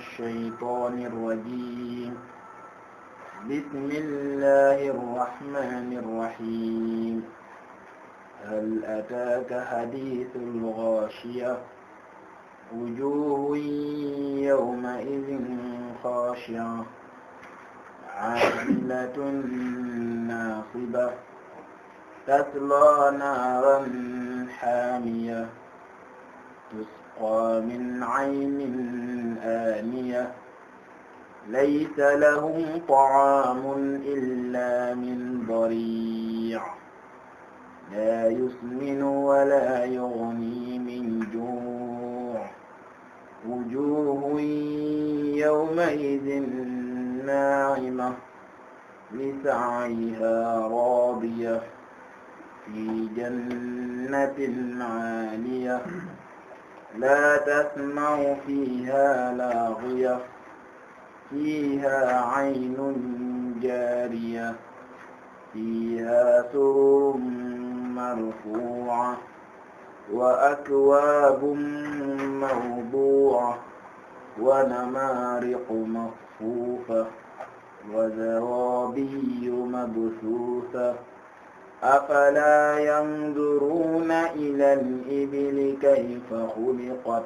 الشيطان الرجيم بسم الله الرحمن الرحيم هل أتاك حديث الغاشية وجوه يومئذ خاشعة عاملة ناصبة تسلى نارا حامية تسقى من عين آنية ليس لهم طعام إلا من ضريع لا يسمن ولا يغني من جوع وجوه يومئذ ناعمة لسعيها راضية في جنة عالية لا تسمع فيها لاغية فيها عين جارية فيها سرر مرفوعة وأكواب موضوعة ونمارق مصفوفة وزرابي مبثوثة أفلا ينظرون إلى الإبل كيف خلقت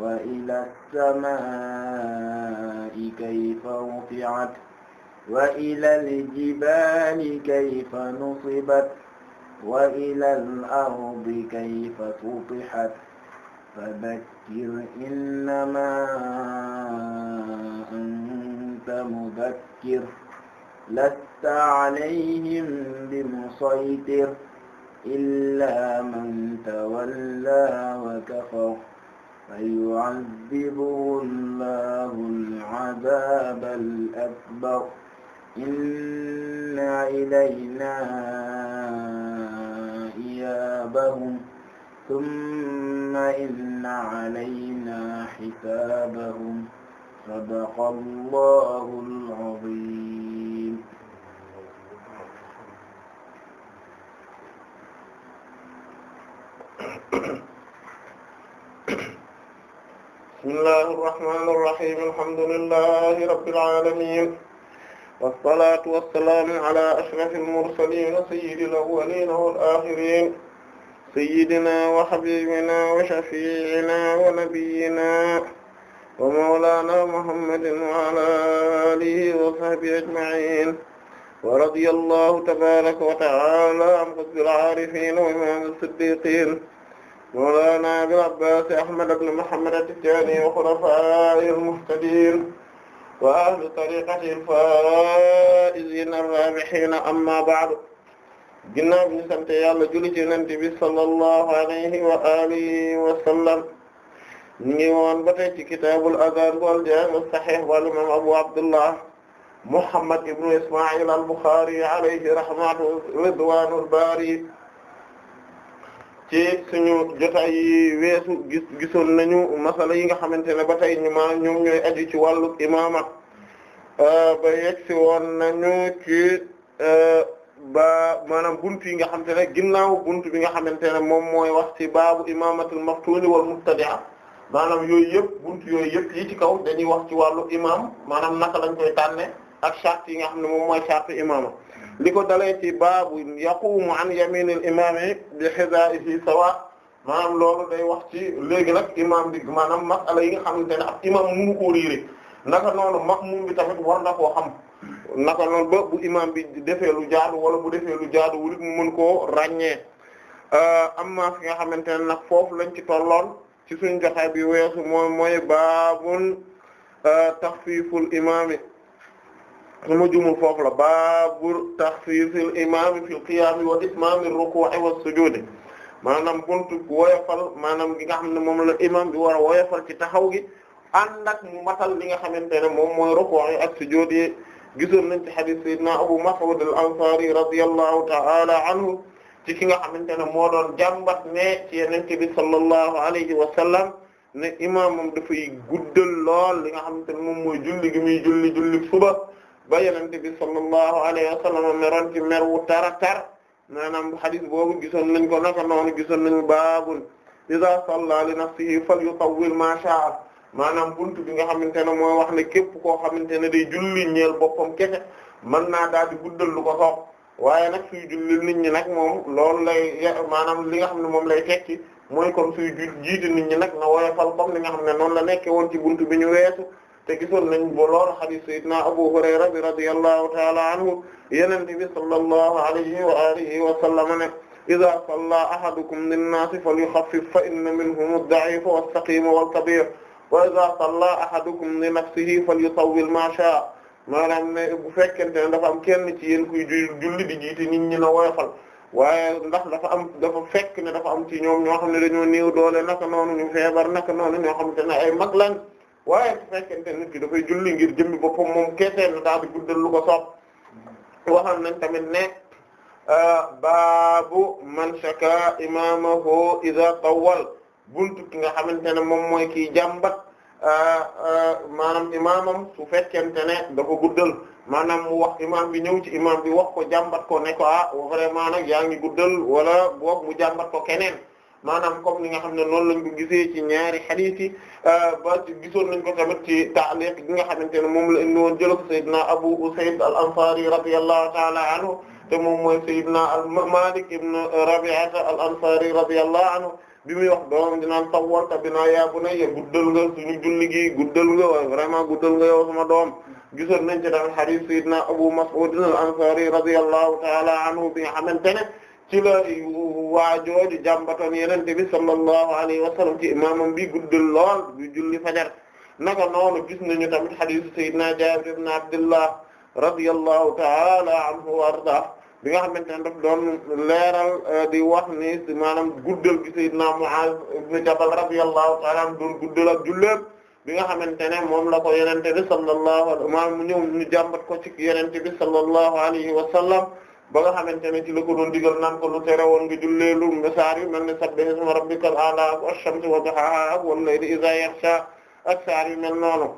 وإلى السماء كيف رفعت وإلى الجبال كيف نصبت وإلى الأرض كيف سطحت فذكر إنما أنت مذكر lasta alayhim bi musaytir illaa man tawalla wa kafar fa yu'adhibuhu llaahu al-'adhaaba al-akbar inna ilaynaa iyaabahum thumma inna 'alaynaa hisaabahum sadaqa llaahu al-'aziim bismillahir rahmanir rahim alhamdulillahi rabbil alamin wassalatu wassalamu ala ashrafil mursalin sayyidil awwalin wal akhirin sayyidina wa habibina wa shafi'ina wa nabiyyina wa mawlana muhammadin wa ala alihi wa sahbihi ajma'in wa radiyallahu tabaraka wa ta'ala an qutbil arifin wa imam as-siddiqin mawlana Abil Abbas Ahmad ibn Muhammad at-Tijani wa khulafa'ihi al-muhtadin wa ahli tariqatihi al-fa'izina ar-rabihina amma ba'du ginnaaw bi ñu sant yàlla julli ci Nabi bi sallallahu alayhi wa alihi wa sallam ñu ngi woon ba tey ci kitaabul adaan bu al-jaami' as-sahih wal imaam Abu Abdullah Muhammad ibn Isma'il al-Bukhari alayhi rahmatu ridwaanul baari ci suñu jotaay yi weesu gis gisoon nañu masala yi nga xamante ne ba tey ñu ma ñoom ñooy aju ci wàllu imaama euh, ba yegg si woon nañu ci euh, ba maanaam buntu yi nga xamante ne ginnaaw buntu bi nga xamante ne moom mooy wax ci baabu imaamatul maftuni wal mubtadi'a maanaam yooyu yëpp buntu yooyu yëpp yi ci kaw dañuy wax ci wàllu imaam maanaam naka lañ koy tànne ak charte yi nga xam ne moom mooy charte imaama li ko dalee ci baabu yaqumu an yaminil imaami bi hizaihi sawa maanaam loolu day wax ci léegi nag imaam bi maanaam masala yi nga xamante ne ab imaam mënu koo riire naka noonu ma'muum bi tamit war na koo xam naka noonu ba bu imaam bi defee lu jaadu wala bu defee lu jaadu wulit mu mën koo ràññee euh, amma fi nga xamante ne nag foofu lañ ci tolloon ci suñu joxaay bi weesu moom mooy baabun euh, taxfiiful imaami su ma juumul foofu la baabu taxfiifil imaam fil qiyaam wa itmaamir rukuu'i was sujuud maanaam buntu woyofal maanaam gi nga xam ne moom la imaam bi war a woyofal ci taxaw gi ànd ak mu matal li nga xamante ne moom mooy rukuu'i ak sujuud yi gisoon nañ ci hadiis sayyidina Abu Mas'ud al-Ansaari radiyallahu ta'ala anhu ci ki nga xamante ne moo doon jàmbat ne ci ki bi sallallahu alayhi wa sallam ne imaam moom dafay guddal lool li nga xamante ne moom mooy julli gi muy julli ba yenente bi sallallahu alayhi wa sallam meroon ci mer wu tara tar maanaam hadith boobu gisoon nañ ko naka noonu gisoon nañu baabun iza salla li nafsihi falyutawwil ma sha'a maanaam buntu bi nga xamante ne mooy wax ne képp koo xamante ne day julli ñeel boppam kese mën naa daal di guddal lu ko soob waaye nag suy julli nit ñi nag moom loolu lay maanaam li nga xam ne moom lay tekki mooy comme suy jiite nit ñi nag na woyofal comme li nga xam ne noonu la nekke woon ci buntu bi ñu weesu te gisoon nañ ba lool hadith sayyidina Abu Hurayra bi radiyallahu ta'ala anhu Yonent bi sallallahu alayhi wa alihi wa sallam ne idha salla ahadukum lin-nasi falyukhaffif fa inna minhum ad-da'ifa was-saqima wal-kabira wa idha salla ahadukum li nafsihi falyutawwil ma sha'a maanaam ne bu fekkente ne dafa am kenn ci yéen kuy julli di jiite nit ñi na woyofal waaye ndax dafa am dafa fekk ne dafa am ci ñoom ñoo xam ne dañoo néew doole naka noonu ñu feebar naka noonu ñoo xamante ne ay mag lañ waaye su fekkente nit ki dafay julli ngir jëmmi boppam moom keeseen daal di guddal lu ko soob waxoon nañ tamit ne euh, baabu man shaka imamahu iza tawwal buntu ki nga xamante ne moom mooy kii jàmbat euh, euh, maanaam imaamam su fekkente ne dafa guddal maanaam mu wax imaam bi ñëw ci imaam bi wax ko jàmbat ko ne ko ah vraiment nag yaa ngi guddal wala boog mu jàmbat ko keneen maanaam comme ni nga xam ne noonu lañ ko gisee ci ñaari hadith yi euh, ba gisoon nañ ko tamit ci ta'liq gi nga xamante ne moom la indi woon jël ko sayyidina Abu Usayd al-Ansari radiyallahu ta'ala anhu te moom mooy sayyidina al-Malik ibn Rabi'ata al-Ansari radiyallahu anhu bi muy wax doom dinaan sawwalta binaa yaa bunayya guddal nga suñu julli gi guddal nga waaye vraiment guddal nga yow sama doom gisoon nañ ci tamit hadith sayyidina Abu Mas'ud al-Ansari radiyallahu ta'ala anhu bi nga xamante ne ci di waajooju jàmbatoon yenente bi sallallahu alayhi wa sallam ci bi guddal lool bi julli fajar naka noonu gis nañu tamit hadisu sayyidina Jaabir ibn Abdullah radiyallahu ta'ala anhu wa arda bi nga xamante ne daf doon leeral eh, di wax ni maanaam guddal gi sayyidina Mu'aaz ibn Jabal radiyallahu ta'ala anhu doon guddal ak julleem bi nga xamante ne moom la ko yenente bi sallallahu alayhi wa sallam mu ñëw ñu jàmbat ko ci yenente bi sallallahu alayhi wa sallam ba nga xamante ne ci la ko doon digal naan ko lu tere woon nga jullee lu saar yu mel ne sabbih isma rabbikal a'la wash-shamsi wa duhaahaa wal layli idhaa yu mel noonu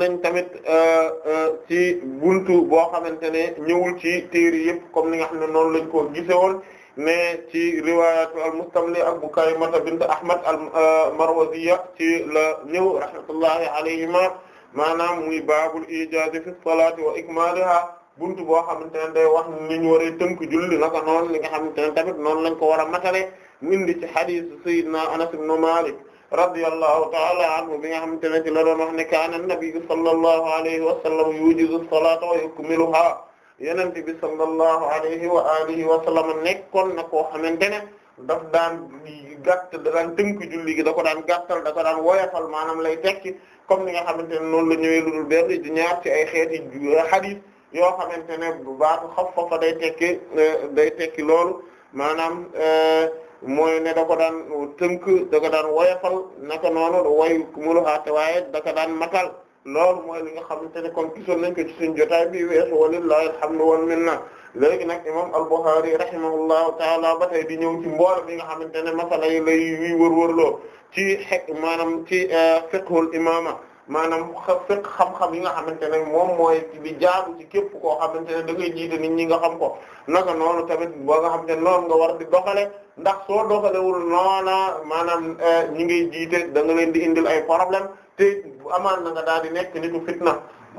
nañ tamit euh, euh, ci buntu boo xamante ne ñëwul ci téere yëpp comme ni nga xam ne noonu lañ ko gisewoon mais ci riwaayatu al-Mustamli ak Bukaymata bint Ahmad al-Marwaziyya euh, ci la ñëw rahmatullahi alayhima maanaam muy baabul ijaazi fi salaati wa ikmaalihaa buntu boo xamante ne day wax ni ñu waree tënk julli naka noonu li nga xamante ne tamit noonu lañ ko war a matale mindi ci hadith sayyidina Anas ibn Malik radiyallahu ta'ala anhu bi nga xamante ne ci la doon wax ne kaana nabiyyu sallallahu alayhi wa sallam yujizu salata wa yukmiluha yonent bi sallallahu alayhi wa alihi wa sallam nekkoon na koo xamante ne daf daan gàtt da daan tënk julli gi da ko daan gàttal da ko daan woyafal maanaam lay tekki comme ni nga xamante ne noonu la ñëwee lu dul di ñaar ci ay xeeti hadith yoo xamante ne bu baatu xaffafa day tekki day tekki loolu maanaam eh, mooy ne da ko daan tënk da ko daan woyafal naka noonu wayu muluhaa te waaye da ko daan matal loolu mooy li nga xamante ne comme gisoon nañ ko ci suñu jotaay bi weesu walillahi alhamdu men minna léegi nag imam al-Bukhari rahimahullahu taala ba tey di ñëw ci mboolem mi nga xamante ne masala yi lay wër wërloo ci xeq maanaam ci eh, fiqhul imama maanaam fekk xam-xam yi nga xamante ne moom mooy bi jaaru ci képp koo xamante ne da ngay jiite nit ñi nga xam ko naka noonu tamit boo nga xam ne noonu nga war di doxale ndax soo doxalewul noona maanaam eh, ñi ngay jiite da nga leen di indil ay problème te amaan na nga daal di nekk nitu fitna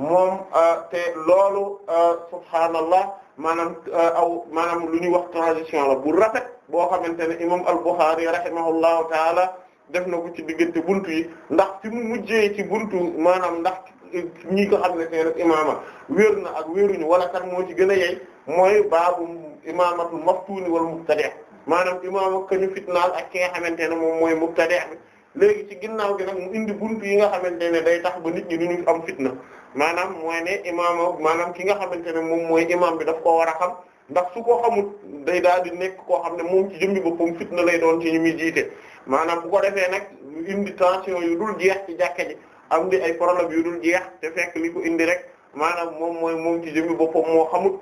moom eh, te loolu eh, subhaanallah maanaam aw maanaam lu ñuy wax transition la bu boo xamante ne imam al-Bukhari rahimahullahu taala def na ko ci diggante buntu yi ndax fi mu mujjee ci buntu maanaam ndax ñi ko xam ne seen imaama wér na ak wéruñu wala kat moo ci gën a yey mooy baabu imaamatul maftuuni wal mubtadi' maanaam imaama ka ñu fitnaal ak ki nga xamante ne moom mooy mubtadi' bi léegi ci ginnaaw gi mu indi buntu yi nga xamante ne day tax ba nit ñi ñu am fitna maanaam mooy ne maanaam ki nga xamante ne moom mooy imaam bi daf koo war a xam ndax su ko xamul day daal di nekk koo xam ne moom ci jëmmi boppam fitna lay doon ci ñu muy jiite maanaam bu ko defee nag indi tension yu dul jeex ci jàkka ji am di ay problème yu dul jeex te fekk lii ko indi rek maanaam moom mooy moom ci bopp boppam moo xamut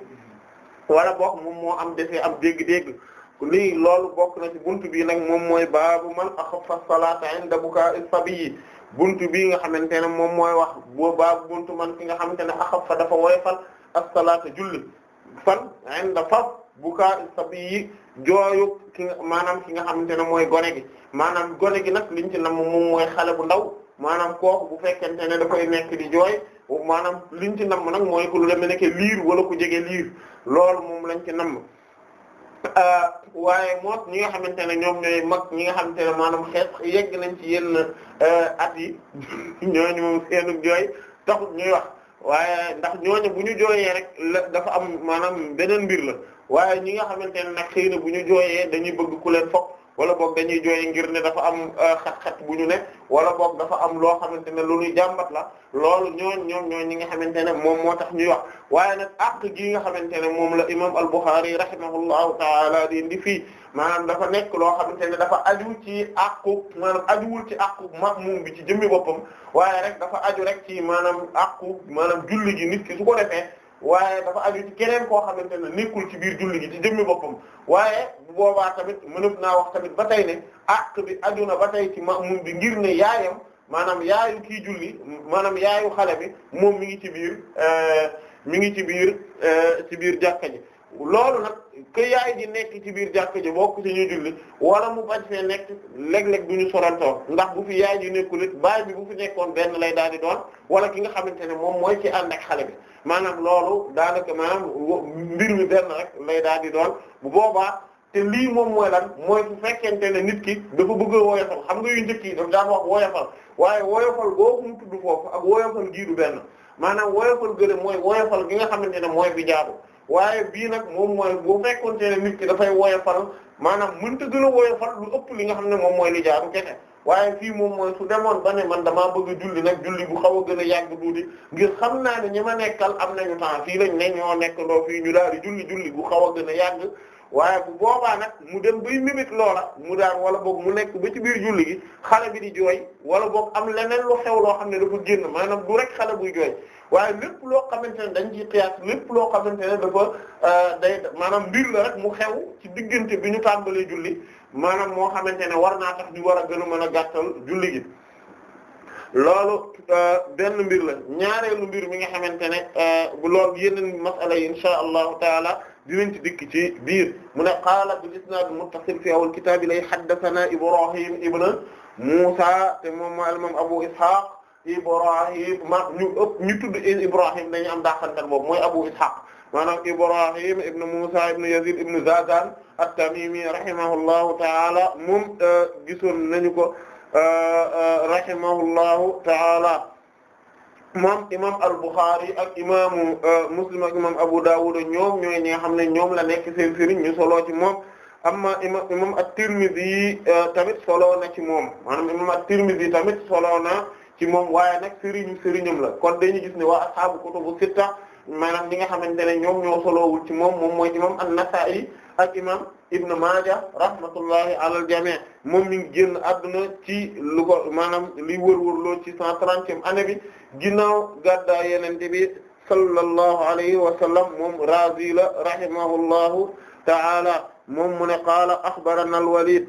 wala boog moom moo am defee am dégg-dégg lii loolu bokk na ci buntu bi nag moom mooy baabu man axaffa salaata inda bukaa'i yi buntu bi nga xamante ne moom mooy wax boo baabu buntu man ki nga xamante ne axaffa dafa woyofal as-salaata julli fan inda faf bu bukaa sabi yi jooyu ki maanaam ki nga xam ne mooy gone gi maanaam gone gi nag liñ ci nam moom mooy xale bu ndaw maanaam kooku bu fekkente ne dafay nekk di jooy maanaam liñ ci namm nag mooy ku lu demee nekk liir wala ku jege liir loolu moom lañ ci namm euh, waaye moot ñi nga xamante ne ñoom ñooy mag ñi nga xamante ne maanaam xeet yegg nañ ci yenn euh, at yi ñooñu moom jooy taxut ñuy wax waaye ndax ñooñu bu ñu jooyee rek dafa am maanaam beneen mbir la waaye ñi nga xamante ne nag xëy bu ñu jooyee dañuy bëgg kuleen leen foog wala boog dañuy jooy ngir ne dafa am euh, xat bu ñu ne wala boog dafa am loo xamante ne lu ñuy jàmbat la loolu ñooñ ñoom ñooñ ñi nga xamante ne moom moo tax ñuy wax waaye nag àq gi nga xamante ne moom la imam al-Bukhari rahimahullahu taala di indi fii maanaam dafa nekk loo xamante ne dafa aju ci àqu maanaam ci àqu ci jëmmi boppam waaye rek dafa aju rek ci maanaam àqu maanaam julli gi nit ki su ko defee waaye dafa aju ci keneen koo xamante ne nekkul ci biir julli gi ci jëmmi boppam waaye bu boobaa tamit mënut naa wax tamit ba tey ne àq bi aju na ba tey ci ma'mum bi ngir ne yaayam maanaam yaayu kii julli maanaam yaayu xale bi moom mu ngi ci biir euh, mu ngi ci biir euh, ci biir jàkka ji loolu nag que yaay ji nekk ci biir jàkk ji bokk ci ñuy julli wala mu bañ fee nekk léeg-léeg du ñu sorantoo ndax bu fi yaay ji nekkul it baay bi bu fi nekkoon benn lay daal di doon wala ki nga xamante ne moom mooy ci ànd xale bi maanaam daanaka maanaam mbir mi benn rek lay daal di doon bu boobaa te lii moom mooy lan mooy su fekkente ne nit ki dafa bëgg a woyofal xam nga yu njëkk yi daf daan waaye woyofal googu mu tudd foofu ak woyofal gii du benn maanaam woyofal gën mooy woyofal ki nga xamante ne mooy bi jaadu waaye bii nag moom mooy bu fekkoon ne nit ki dafay woyofal maanaam mënta gën a woyofal lu ëpp li nga xam ne moom mooy li jaaru kese waaye fii moom mooy su demoon ba ne man damaa bëgg a julli nag julli bu xaw a gën a yàgg tuuti ngir xam naa ne ñi ma nekkal am nañu temps fii lañ ne ñoo nekk ndoo fii ñu daal di julli julli bu xaw a gën a yàgg waaye bu boobaa nag mu dem bay mimit loola mu daan wala boog mu nekk ba ci biir julli gi xale bi di jooy wala boog am leneen lu xew loo xam ne dafa génn maanaam du rek xale buy jooy waaye lépp loo xamante ne dañ ciy xiyaas lépp loo xamante ne dafa euh, day maanaam mbir la rek mu xew ci diggante bi ñu tàmbalee julli maanaam moo xamante ne war naa tax ñu war a gën a mën a gàttal julli gi loolu euh, benn mbir la ñaareelu mbir mi nga xamante ne euh, bu loolu yeneen masala yi insha allahu taala dinañ ci dikk ci biir mu ne qaala bil isnaad muttasil fi awal kitaab yi lay haddathana Ibrahim ibn Musa te moom moo al Abu Ishaq Ibrahim ma ñu ëpp ñu tudd Ibrahim dañu am daaxantal boobu mooy Abu Ishaq maanaam Ibrahim ibn Musa ibn Yazid ibn Zazan at-Tamimi rahimahullahu ta'ala moom euh, gisoon nañu ko euh, euh, rahimahullahu ta'ala moom imam al-Bukhari ak imaamu Muslim ak imam Abu Dawud ñoom ñooy ñi nga xam ne ñoom la nekk seen sëriñ ñu solo ci moom amma imam imam at-Tirmidhi tamit solo na ci moom maanaam imam at-Tirmidhi tamit solo na ci moom waaye nag sëriñu sëriñam la kon dañu gis ne waa ashaabu kutubu sitta maanaam ñi nga xamante ne ñoom ñoo solowul ci moom moom mooy imam an-Nasa'i ak imam Ibn Maaja rahmatullahi alal jamii moom mi ngi génn àdduna ci lu maanaam li wërwërloo ci cent trentième année bi ginnaaw gàddaa yenente bi sallallahu alayhi wa sallam moom razi la rahimahullahu ta'ala moom mu ne qaala axbarana al-Walid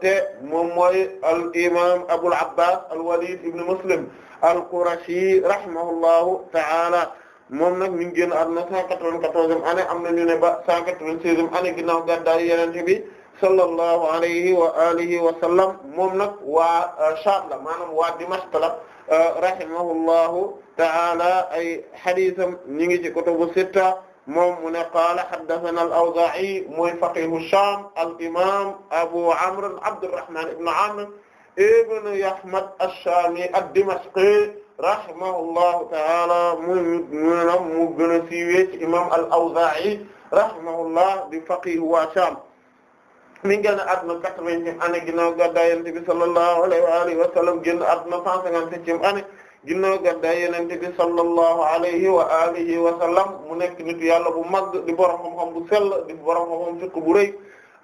te moom mooy al imam Abul Abbas al-Walid ibn Muslim al-Qurashi rahimahullahu ta'ala moom nag mi ngi génn àdduna 194e année am na ñu ne ba 196e année ginnaaw gàddaay Yonent bi sallallahu alayhi wa alihi wa sallam moom nag waa Shaam la maanaam waa Dimashq la rahimahullahu ta'ala ay hadiisam ñi ngi ci kutubu sitta moom mu ne qaala haddathana al-Awzaa'i mooy faqiihu Shaam al-imaam Abu Amr Abdurrahmaan ibn Amr ibn Yahmad ash-Shaami ad-Dimashqi rahimahullahu ta'aala mu mu gën a siiwee ci imaam al-Awzaa'i rahimahullah di faqiihu waa Shaam mi ngi génn àdduna quatre-vingtième année ginnaaw gàddaay Yonent bi sallallahu alayhi wa alihi wa sallam génn àdduna cent cinquante-septième année ginnaaw gàddaay yonent bi sallallahu alayhi wa alihi wa sallam mu nekk nitu yàlla bu mag di borom xam-xam bu sell di borom xam-xam fiqh bu rëy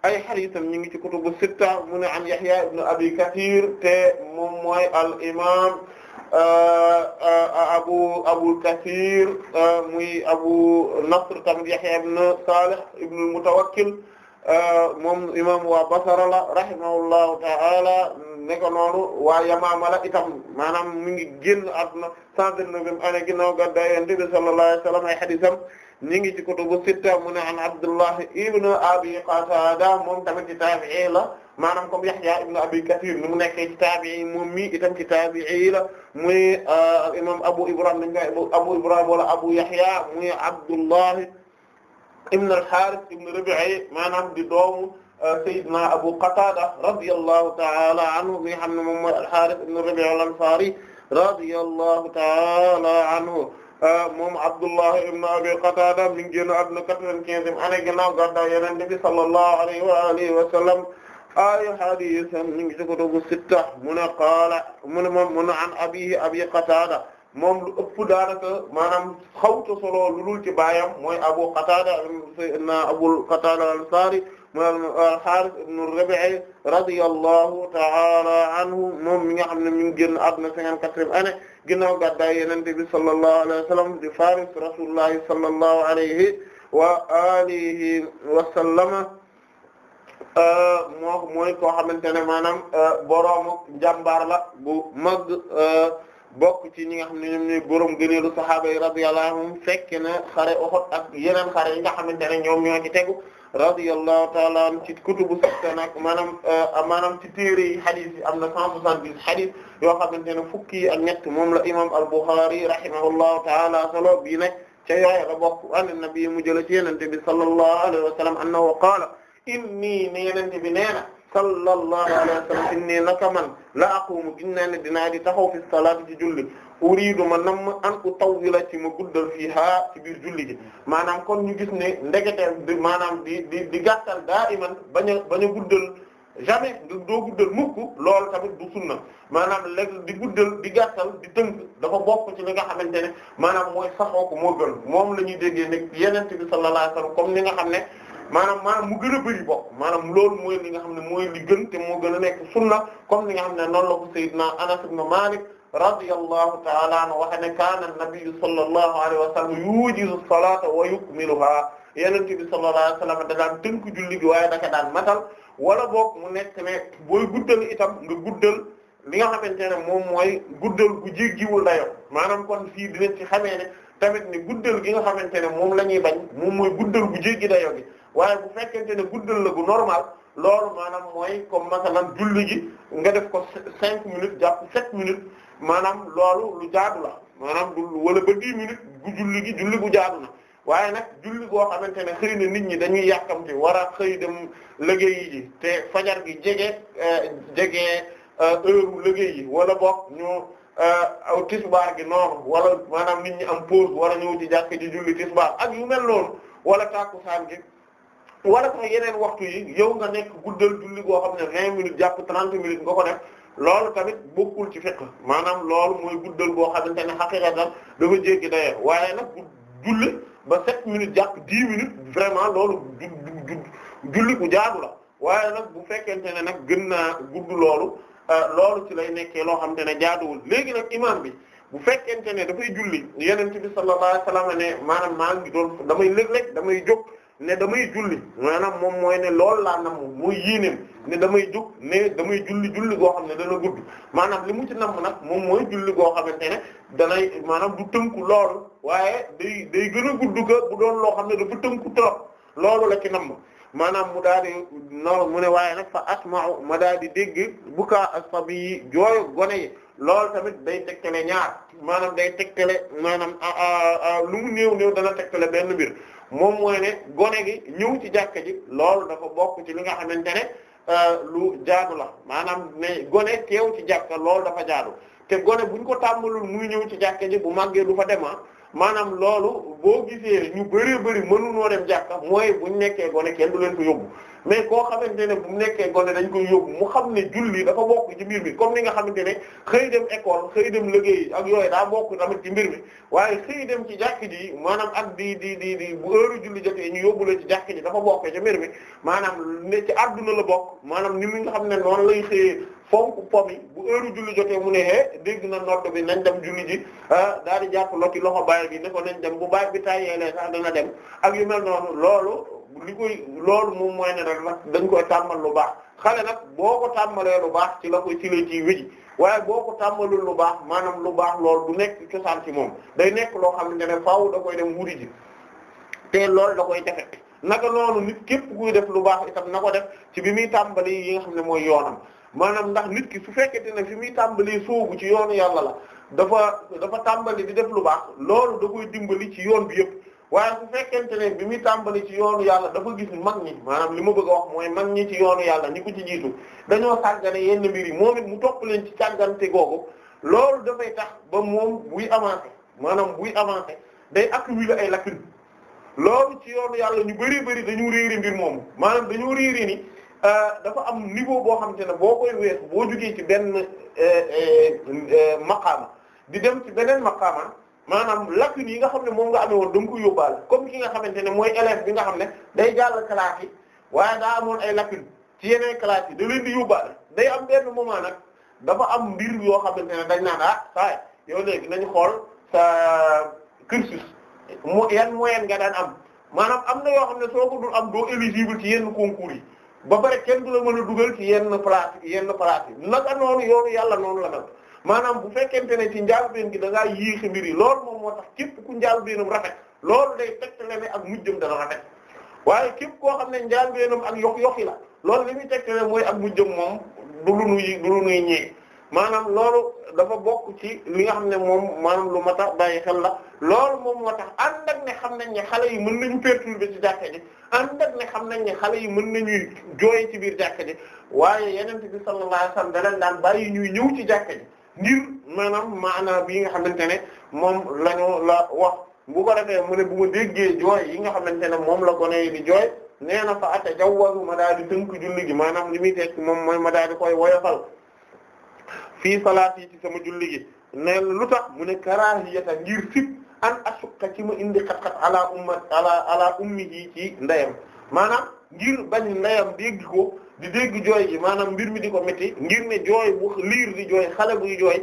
ay hadiisam ñu ngi ci kutubu sitta mu ne an Yahya ibn Abi Kathir te moom mooy al imaam euh, euh, abu abu Kathir euh, muy abu Nasr tamit Yahya ibn Salih ibn al-Mutawakkil moom imaam waa Basra la rahimahullahu ta'ala ne ko noonu waa Yamaama la itam maanaam mi ngi génn àdduna 129 année ginnaaw gàddaay Yonent bi sallallahu alayhi wa sallam kutubu sitta mu ne an Abdullah ibn Abi Qatada moom tamit ci taabi'i la maanaam comme Yahya ibn Abi Kathir ni mu nekkee ci taabi'i mi itam ci taabi'i la muy euh, imam Abu Ibrahim dañ koy Abu Ibrahim wala Abu Yahya muy Abdullah ibn al ibn Rib'i maanaam di doomu Seydina Abu Qatada radiyallahu ta'ala anhu bi nga xam ne moom mooy al-Harith ibn Rabi' al-Ansari radiyallahu ta'ala anhu moom Abdullah ibn Abi Qatada mi ngi génn àdduna 95e année ginnaaw gàddaay Yonent bi sallallahu alayhi wa alihi wa sallam ay hadiisam mi ngi ci kutubu sitta mu ne qaala mu ne moom mu ne an abiihi Abi Qatada moom lu ëpp daanaka maanaam xawta solo lu dul ci baayam mooy Abu Qatada Seydina Abu Qatada al-Ansari mu al-Haaris ibn Rabi'i radiyallahu ta'ala anhu moom mi nga xam ne mi ngi génn àdduna cinquante-quatrième année ginnaaw gàddaay Yonent bi sallallahu alayhi wa sallam di faaris Rasuulullahi sallallahu alayhi wa alihi wa sallama moo mooy koo xamante ne maanaam boroomu jàmbaar la bu mag bokk ci ñi nga xam ne ñoom ñooy borom gëneelu sahaaba yi fekk na xare Uhud ak yeneen xare yi nga xam ne ñoom ñoo ci tegu radiyallahu taala anhu ci kutubu sitta nag maanaam euh, maanaam ci téere yi hadith yi am na 170 hadith yoo xamante ne fukki ak ñett moom la imam al-Bukhari rahimahullahu taala solo bii nag ca yooye la bokk an nabi mu jëla ci yenente bi sallallahu alayhi wa sallam annahu qaala inni ne yenente bi nee na sallallahu alayhi wa sallam inni naka man la aqumu gis naa ne dinaa di taxaw fi salaati ci julli uridu ma nam an utawwila ci ma guddal fiha ci biir julli gi maanaam kon ñu gis ne ndeketeel bi maanaam di di di gàttal daa iman bañ a bañ a guddal jamais doo guddal mukk loolu tamit du sunna maanaam léegi di guddal di gàttal di tënk dafa bokk ci li nga xamante ne maanaam mooy saxoo ko moo gën moom la ñuy déggee ne yenente bi sallallahu alayhi wa comme ni nga xam ne maanaam maanaam mu gën a bëri bokk maanaam loolu mooy li nga xam ne mooy li gën te moo gën a nekk sunna comme li nga xam ne noonu la ko sayyidna Anas ibn Malik radiyallahu ta'ala anhu waxe ne kaana an-nabiyyu sallallahu alayhi wa sallam yujizu as-salata wa yukmiluha yonent bi sallallahu alayhi wa sallam da daan tënk julli gi waaye daka daan matal wala boog mu nekk ne booy guddal itam nga guddal li nga xamante ne moom mooy guddal gu jéggiwul dayo maanaam kon fii dinañ ci xamee ne tamit ni guddal gi nga xamante ne moom la ñuy bañ moom mooy guddal gu jéggi dayo gi waaye bu fekkente ne guddal la bu normal loolu maanaam mooy comme masalan julli gi nga def ko cinq minutes jàpp sept minutes maanaam loolu lu jaadu la maanaam wala ba dix minutes bu julli gi julli bu jaadu na waaye nag julli goo xamante ne xëy na nit ñi dañuy yàkkamti war a xëy dem liggéey ji te fajar gi jege euh, jege euh, heure liggéey yi wala boog ñu euh, aw tisbaar gi noonu wala maanaam nit ñi am pause war a ñëw ci jàkk ji julli tisbaar ak yu mel noonu wala tàkkusaan gi wala sax yeneen waxtu yi yow nga nekk guddal julli boo xam ne vingt minutes jàpp trente minutes nga ko def loolu tamit bokkul ci fiqh maanaam loolu mooy guddal goo xamante ne xaqiqatan dafa jéggi dayoo waaye nag bu ba sept minutes jàpp dix minutes vraiment loolu julli ku jaadu la waaye nag bu fekkente ne nag gën naa gudd loolu euh, loolu ci lay nekkee loo xamante ne jaaduwul léegi nag imaam bi bu fekkente ne dafay julli yeneen bi sallallahu alayhi wasallam ne maanaam maa ngi doon damay léeg-léeg damay jóg. ne damay julli maanaam moom mooy ne loolu laa nam muy yéeneem ne damay jóg ne damay julli julli goo xam ne dana gudd maanaam li mu ci nam nag moom mooy julli goo xamante ne danay maanaam du tënku loolu waaye day day gën a gudd bu doon loo xam ne dafa tënku trop loolu ci nam maanaam mu daal di noonu waaye nag fa asma'u ma daal di dégg bukaa as-sabi yi jooyu gone yi tamit day tegtale ñaar maanaam day tegtale maanaam lu mu néew néew dana tegtale benn mbir moom mooy ne gone gi ñëw ci jàkka ji loolu dafa bokk ci li nga xamante ne euh, lu jaadu la maanaam ne gone teew ci jàkka lool dafa jaadu te gone bu ñu ko tàmbalul muy ñëw ci jàkka ji bu màggee du fa dema ah. maanaam loolu boo gisee ñu bëree bëri mënuñoo dem jàkka mooy bu ñu nekkee gone kenn du leen ko yóbbu mais koo xamante ne bu mu nekkee gone dañ koy yóbbu mu xam ne julli dafa bokk ci mbir mi comme ni nga xamante ne xëy dem école xëy dem liggéey ak yooyu daa bokk tamit ci mbir mi waaye xëy dem ci jàkk ji maanaam ak di di di di bu heure julli jotee ñu yóbbu la ci jàkk ji dafa bokk ci mbir maanaam ne ci na la bokk maanaam ni mu nga xam ne noonu lay xëyee fonk pom yi bu heure julli jotee mu ne hee eh, dégg na nodd bi nañ dem julli ji ah daal di jàpp loti loxo baay bi ne ko nañ dem bu baay bi tàyyeelee sax dana dem ak yu mel noonu loolu li koy loolu moom mooy ne nag dañ koy tàmmal lu baax xale nag boo ko tàmmalee lu baax ci la koy ci la ciy wéji boo ko tàmmalul lu baax maanaam lu baax loolu du nekk cosaan ci moom day nekk loo xamante ne faaw da koy dem wuri ji te loolu da koy defe naka noonu nit képp kuy def lu baax itam na ko def ci bi muy tàmbali yi nga xam ne mooy yoonam maanaam ndax nit ki su te ne fi muy tàmbali soobu ci yoonu yàlla la dafa dafa tàmbali di def lu baax loolu da koy dimbali ci yoon bi yëpp waaye su fekkente ne bi muy tàmbali ci yoonu yàlla dafa gis mag ñi maanaam li ma bëgg a wax mooy mag ñi ci yoonu yàlla ñi ko ci jiitu dañoo sàggane yenn mbir yi moom it mu topp leen ci càggante googu loolu dafay tax ba moom buy avancer maanaam buy avancer day accumuler ay lacunes loolu ci yoonu yàlla ñu bari bari dañu réeri mbir moomu maanaam dañu réeri Euh, dafa am niveau boo xam xamante ne boo koy weesu boo jugee ci benn euh, euh, maqaama di dem ci beneen maqaama maanaam lakkin yi nga xam ne moom nga amee woon da ko yóbbaale comme ki nga xamante ne mooy élève bi nga xam ne day jàll classe yi waaye daa amoon ay lacune ci yeneen classe yi da leen di yóbbaale am benn moment nag dafa am mbir yoo xamante ne dañ naan ah saa yow nañu xool sa cursus mo yan moyen nga daan am maanaam am na yoo xam ne soo ko dul am doo éligible ci yenn concours yi ba pare kenn du na mën dugal ci yenn place yenn place yi a noonu yoonu yàlla noonu la nag maanaam bu fekkente ne ci njaalbeen gi da ngaa yéex mbir yi loolu moom moo tax képp ku njaalbeenam rafet loolu day tegtale ne ak mujjëm dana rafet waaye képp koo xam ne njaalbeenam ak yokk yokki la loolu li muy tegtale mooy ak mujjëm moom du lu nuy du lu nuy ñee maanaam loolu dafa bokk ci li nga xam ne moom maanaam lu ma tax bàyyi xel la loolu moom moo tax ànd ak ne xam nañ ne xale yi mën nañu perturber ci jàkka ji ànd ak ne xam nañ ne xale yi mën nañuy jooy ci biir jàkka ji waaye yeneen bi sallallahu alayhi wasallam da daal daan bàyyi ñuy ñëw ci jàkka ji ngir maanaam maanaam bii nga xamante ne moom lañu la wax bu ko defee mu ne bu ma déggee jooy yi nga xamante ne moom la gone yi di jooy nee na fa atajawwazu ma daal di tënk julli gi maanaam li muy tekki moom mooy ma daal di koy woyofal fii salaati ci sama julli gi ne lu tax mu ne karaahiyata ngir sib an asukka ci ma indi xat-xat ala umma ummi yi ci ndeyam maanaam ngir bañ ndeyam dégg ko di dégg jooy gi maanaam mbir mi di ko metti ngir ne jooy bu liir di jooy xale buy jooy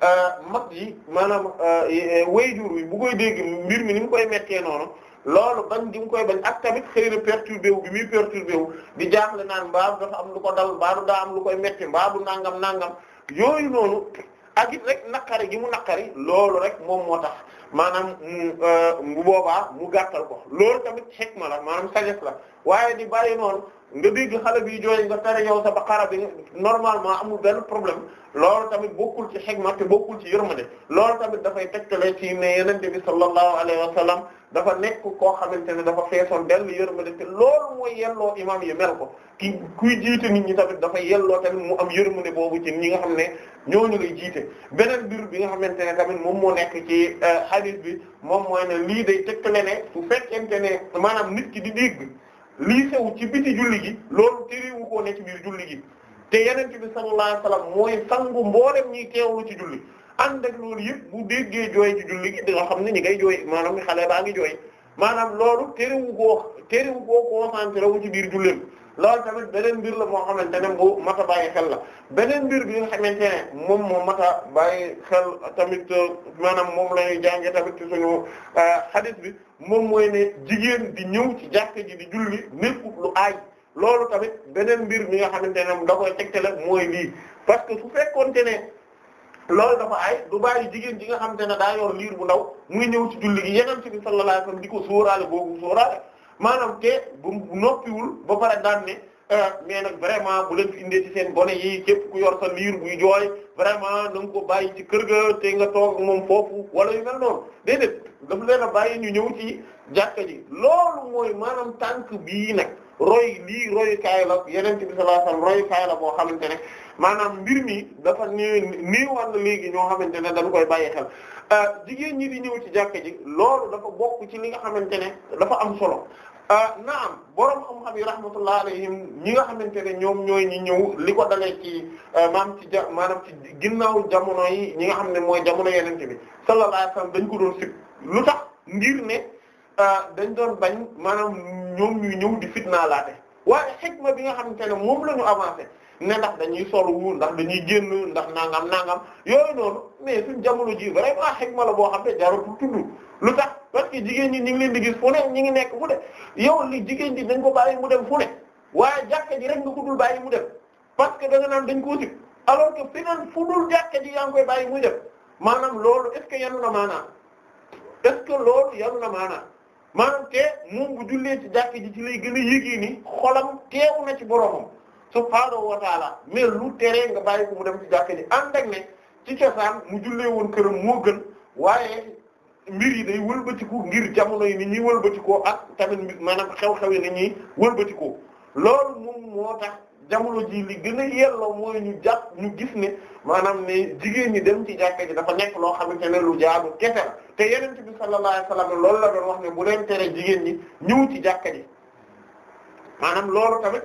euh, mag yi maanaam euh, e, wayjur yi bu koy dégg mbir mi ni mu koy méttee noonu loolu bañ di mu koy bañ ak tamit xëy na perturbé wu bi muy perturbé wu di jaaxle naan mbaa dafa am lu ko dal mbaa du daa am lu koy métti mbaa du nangam yooyu noonu ak it rek naqari gi mu naqari loolu rek moom moo tax maanaam mu euh, bu boobaa mu gàttal ko loolu tamit xikma la maanaam sagesse la waaye di bàyyi noonu nga dégg xale bi jooy nga tere yow sa baqara bi normalement amul benn problème loolu tamit bokkul ci xigma te bokkul ci yërmande loolu tamit dafay tegtale ci ne yonent bi sallallahu alayhi wa sallam dafa nekk koo xamante ne dafa feesoon dell yërmande te loolu mooy yelloo imam yi mel ko ki kuy jiite nit ñi tamit dafay yelloo tamit mu am yërmande boobu ci ñi nga xam ne ñooñu lay jiite beneen biir bi nga xamante ne tamit moom moo nekk ci euh, hadith bi moom mooy ne lii day tegtale ne su fekkente ne maanaam nit ki di dégg lii xew ci bi biti julli gi loolu tëriwu koo ne ci biir julli gi te yeneen ci bi sallallahu alayhi wasallam mooy sangu mboolem ñi teewlu ci julli ànd ak loolu yëpp bu déggee jooy ci julli gi di xam ne ñi ngay jooy maanaam xale baa ngi jooy maanaam loolu tëriwu koo tëriwu koo concentré wu ci biir julleem loolu tamit beneen mbir la moo xamante ne bu mat bàyyi xel la beneen mbir bi nga xamante moom moo mat a xel tamit euh, maanaam moom la ñuy jànge tamit ci suñu hadith euh, bi moom mooy ne jigéen di ñëw ci jàkka ji di julli nekkul lu aay loolu tamit beneen mbir mi nga xamante ne da koy tegtale mooy lii parce que su fekkoonte ne loolu dafa aay du bàyyi jigéen ji nga xamante ne daa yor liir bu ndaw muy ñëw ci julli gi yeneen ci bi sallallahu alayhi di ko sóoraale boobu sóoraale maanaam te bu noppiwul ba pare daan ne eh, mais nag vraiment bu leen fi indee ci seen bone yi képp ku yor sa liir buy jooy vraiment na nga ko bàyyi ci kër ga te nga toog moom foofu wala yu mel noonu déedéet dafa leen a bàyyi ñu ñëw ci jàkka ji loolu maanaam tànk bii nag roy lii roy kaay la yeneen bi sallallahu la boo xamante ne maanaam mbir mi dafa nii nii wàll léegi ñoo xamante ne dañ koy bàyyi xel eh, jigéen ñi di ñëw ci jàkka ji loolu dafa bokk ci li nga xamante ne dafa am solo Ah, naam borom xam-xam yi rahmatullah alayhim ñi nga xamante ne ñoom ñooy ñi ñëw li ko dalee ci ah, maam ci ja maanaam ci ginnaaw jamono yi ñi nga xam ne mooy jamono yeneen bi sallallahu alayhi wasallam dañ ko doon sib lu tax ngir ne ah, dañ doon bañ maanaam ñoom ñuy ñëw di fitna laate waaye xikma bi nga xamante ne moom la ñu avancé ne ndax dañuy solu ndax dañuy génn ndax nangam nangam yooyu noonu mais suñ jamono ji vraiment xikma la boo xam ne jarul tudd lu tax. parce que jigéen ñi ñu ngi leen di gis fu ne nekk fu ne yow li jigéen ji dañ ko bàyyi mu dem fu ne waaye jàkka ji rek nga ko dul bàyyi mu dem parce que da nga naan dañ koo sib alors que feneen fu dul jàkka ji yaa ngi koy bàyyi muy dem maanaam loolu est ce que yanu na maanaam est ce que loolu yanu na maanaam maanaam te moom bu jullee ci jàkka ji ci lay gën a yéegee ni xolam teewu na ci boromam subhaanahu wa taala mais lu teree nga bàyyi ko mu dem ci jàkka ji ànd ak ne ci cosaan mu jullee woon këram moo gën waaye mbir yi day wëlbatiku ngir jamono yi ni ñuy wëlbatikoo ak tamit maanaam xew-xew yi ni ñuy wëlbatikoo loolu moom moo tax jamono ji li gën a yelloo mooy ñu jàpp ñu gis ne maanaam ne jigéen ñi dem ci jàkka ji dafa nekk loo xamante ne lu jaadu kese la te yeneen bi sallallahu alayhi wasallam loolu la doon wax ne bu leen tere jigéen ñi ñëw ci jàkka ji maanaam loolu tamit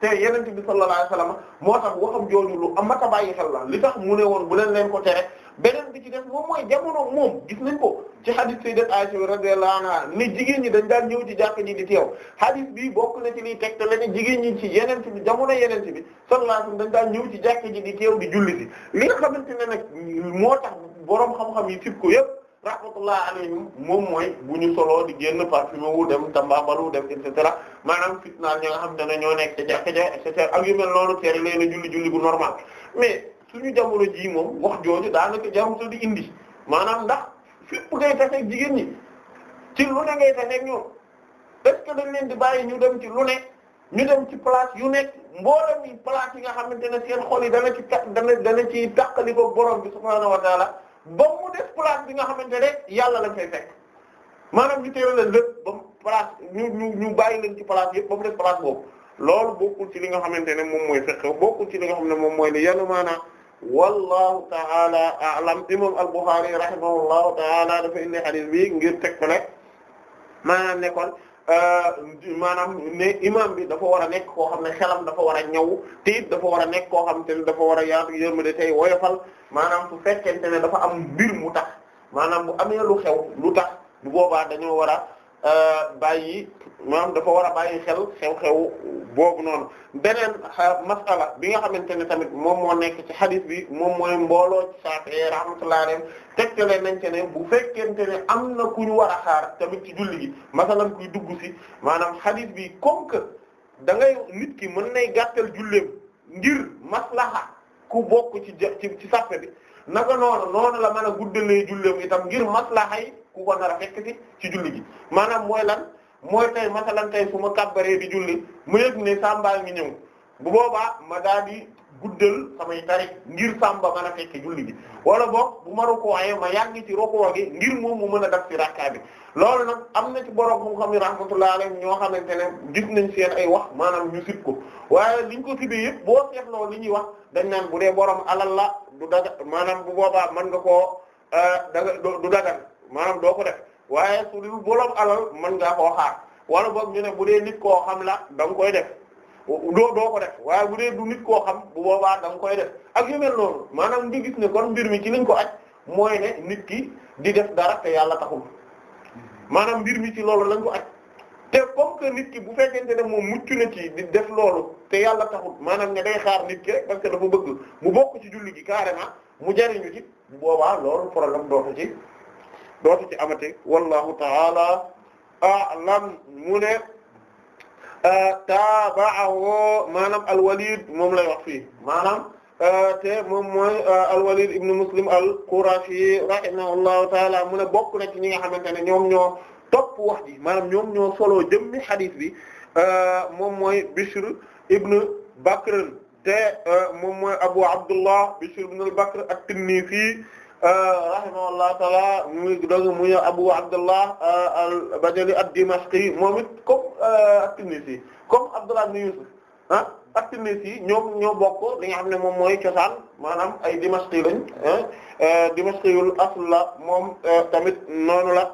te yeneen bi sallallahu alayhi wasallam moo tax waxam jooju lu amata bàyyi xel la li tax mu ne woon bu leen leen ko tere. beneen bi ci def moom mooy jamono moom gis nañ ko ci hadith sayyidat Aisha radhiyallahu anha ne jigéen ñi dañ daan ñëw ci jàkk ñi di teew hadith bi bokk na ci liy tegte la ne jigéen ñi ci yeneen bi jamono yeneen bi sallallahu dañ daan ñëw ci jàkk ji di teew di julli si li nga xamante ne nag moo tax boroom xam-xam yi sib ko yépp rahmatullah alayhim moom mooy bu ñu soloo di génn parfumé wu dem tambaabalu dem et cetera maanaam fitnaal ñi nga xam te ne ñoo nekk ca jàkk ja et cetera ak julli julli bu normal mais suñu jamono jii moom wax jooju daanaka jarul di indi maanaam ndax fépp ngay taseeg jigéen ñi ci lu ne ngay taseeg ñoom est ce que leen di bàyyi ñu dem ci lu ne ñu dem ci place yu nekk mboolem yi place yi nga xamante ne seen xol yi dana ci kat dana dana ci tàqali ko borom bi subhaanahu wa taala ba mu des place bi nga xamante ne yàlla lañ fay fekk maanaam ñu teew leen ba place ñu ñu ñu bàyyi ci place yëpp ba mu des place boobu loolu bokkul ci li nga xamante ne moom mooy fekk bokkul ci li nga xam moom mooy ne yanu maanaa wallahu taala a'lam imam al-Bukhari rahimahullahu taala dafa indi hadith bi ngir tegtale maanaam ne kon euh, maanaam ne imam bi dafa war a nekk koo xam ne xelam dafa war a ñëw te dafa war a nekk koo xam te ne dafa war a yaatu de tey woyofal maanaam su fekkente ne dafa am mbir mu tax maanaam mu amee lu xew lu tax bu boobaa dañoo war a Euh, bàyyi maanaam dafa war a bàyyi xel xew-xew boobu noonu beneen euh, masala bi nga xamante ne tamit moom moo nekk ci xadis bi moom mooy mbooloo ci Shafi'i rahmatullahi alayhi tegtale nañ ci bu fekkente ne am na ku ñu war a xaar tamit ci julli gi masalan kuy dugg si maanaam xadis bi comme que da ngay nit ki mën nay gàttal julleem ngir maslaha ku bokk ci ci ci sàppe bi naka noonu noonu la mën a guddalee julleem itam ngir maslaha yi ku ko nar a fekk ci ci julli gi maanaam mooy lan mooy tey masalan tey su ma kàbbaree di julli mu yëg ne sàmbaa ngi ñëw bu boobaa ma daa di guddal samay tari ngir sàmba mën a fekk julli gi wala boo bu ma rokooyee ma yàgg ci rokoo gi ngir moom mu mën a daf ci rakkaa bi loolu nag am na ci borom bu xam ne rahmatullahi alayhi ñoo xamante ne gis nañ seen ay wax maanaam ñu sib ko waaye liñ ko sibee yëpp boo seetloo li ñuy wax dañ naan bu dee boroom alal la du daga maanaam bu boobaa mën nga koo euh, daga du dagan maanaam doo ko def waaye su dul booloom alal man ngaa koo xaar wala boog ñu ne bu dee nit koo xam la da nga koy def doo doo ko def waaye bu dee du nit koo xam bu boobaa da koy def ak yu mel noonu maanaam nga gis ne kon mbir mi ci liñ ko aj mooy ne nit ki di def dara yàlla taxul maanaam mbir mi ci loolu lañ ko aj te comme que nit ki bu fekkee fekkente ne moom mucc na ci di def loolu te yàlla taxul maanaam nga day xaar nit ki rek parce que dafa bëgg bu bokk ci julli gi carrément mu jariñu ci boobaa loolu problème doo ko ci dootu ci amati wallahu taala a'lam mu ne euh, taaba'ahu maanaam al-Walid moom lay wax fii maanaam euh, te moom mooy euh, al-Walid ibn Muslim al-Qurashi rahimahullahu taala mu ne bokk na ci ñi nga xamante ne ñoom ñoo topp wax ji maanaam ñoom ñoo solo jëmmi hadith bi moom mooy Bishr ibn Bakr te moom mooy Abu Abdullah Bishr ibn al-Bakr at-Tinnisi rahimahullahu taala muy doog mu ñëw Abu Abdullah uh, al-Bajali ad-Dimashqi moom it comme uh, at-Tinnisi comme Abdullah Yusuf ah ñoo bokk li nga xam ne moom mooy cosaan maanaam ay Dimashqi lañ ah, uh, Dimashqiyul asl la moom tamit noonu la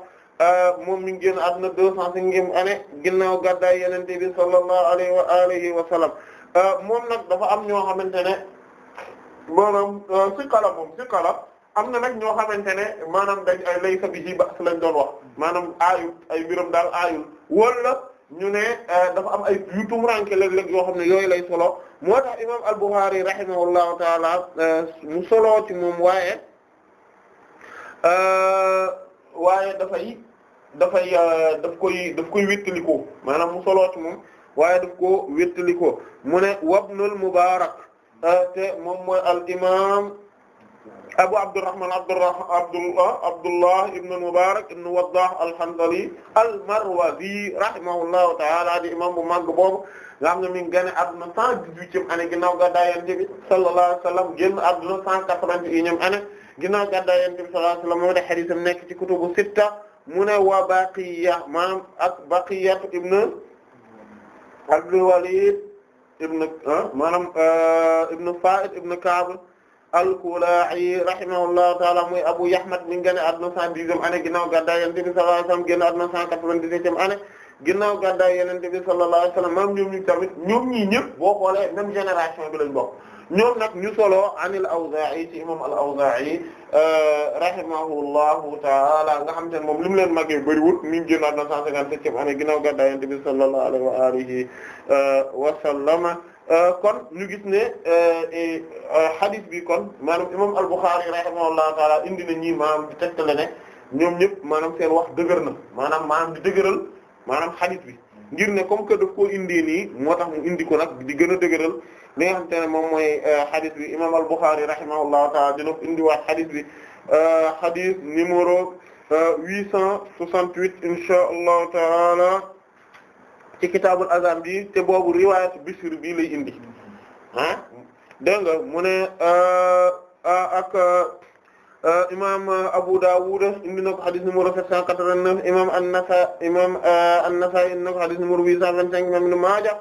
moom mi ngi génn àdduna deux cent cinquième année ginnaaw gàddaay Yonent bi sallallahu alayhi wa alihi wa sallam moom nag dafa am ñoo xamante ne maanaam siqa la moom siqa la am na nag ñoo xamante ne maanaam dañ ay lay sa ba lañ doon wax maanaam aayul ay mbiram daal aayul wala ñu ne eh, dafa am ay yu tumuranke léeg-léeg yoo xam ne yooyu lay solo moo tax imam al-Bukhari rahimahullahu taala eh, mu solo ci moom waaye eh, waaye dafay dafay daf koy daf koy wéttalikoo maanaam mu solo ci waaye daf ko wéttalikoo mu ne wabnul Mubarak te moom al imam Abu Abdurrahman Abdullah Abdullah ibn al-Mubarak ibn Waddah al-Hanzali al-Marwazi rahimahullahu ta'ala di imam bu mag boobu nga xam ne mi ngi génn àdduna 118e année ginnaaw gàddaay Yonent bi sallallahu alayhi wa sallam génn àdduna 181e année ginnaaw gàddaay Yonent bi sallallahu alayhi wa sallam moo tax hadiisam nekk ci kutubu sitta mu ne wa Baqiya maanaam ak Baqiya ibn Abdul Walid ibn ah, maanaam ah, ibn Sa'id ibn Ka'b al-Kalaa'i rahimahullahu ta'ala muy Abu Yahmat mi ngi génn àdduna 110e année ginnaaw gàddaay Yonent bi sallallahu alayhi wasallam génn àdduna 197e année ginnaaw gàddaay Yonent bi sallallahu alayhi wasallam maam ñoom ñi tamit ñoom ñii ñëpp boo xoolee même génération bi lañ bokk ñoom nag ñu solo anil Awzaa'i ci imam al-Awzaa'i euh, rahimahullahu ta'ala nga xam te ne moom li mu leen màggee bëriwul mi ngi génn àdduna 157e année ginnaaw gàddaay Yonent sallallahu alayhi wa alihi euh, wa Euh, kon ñu gis ne euh, euh, hadith bi kon maanaam imam al-Bukhari rahimahullahu taala indi na ñii maanaam di tegtale ne ñoom ñëpp maanaam seen wax dëgër na maanaam maanaam di dëgëral maanaam hadith bi ngir ne comme que daf koo indi nii moo tax mu indi ko nag di gën a dëgëral li nga xamante ne moom mooy hadith bi imam al-Bukhari rahimahullahu taala dina ko indiwaat hadith bi hadith numéro 868 insha allahu taala ci kitaabul azan bi te boobu riwaayatu Bishr bii lay indi ah dégg nga mu ne euh, euh, ak euh, imaam Abu Dawud indi na ko xadis numéro 789 imaam An-Nasaa'i imaam An-Nasaa'i indi na ko xadis numéro 825 imaam Ibn Maaja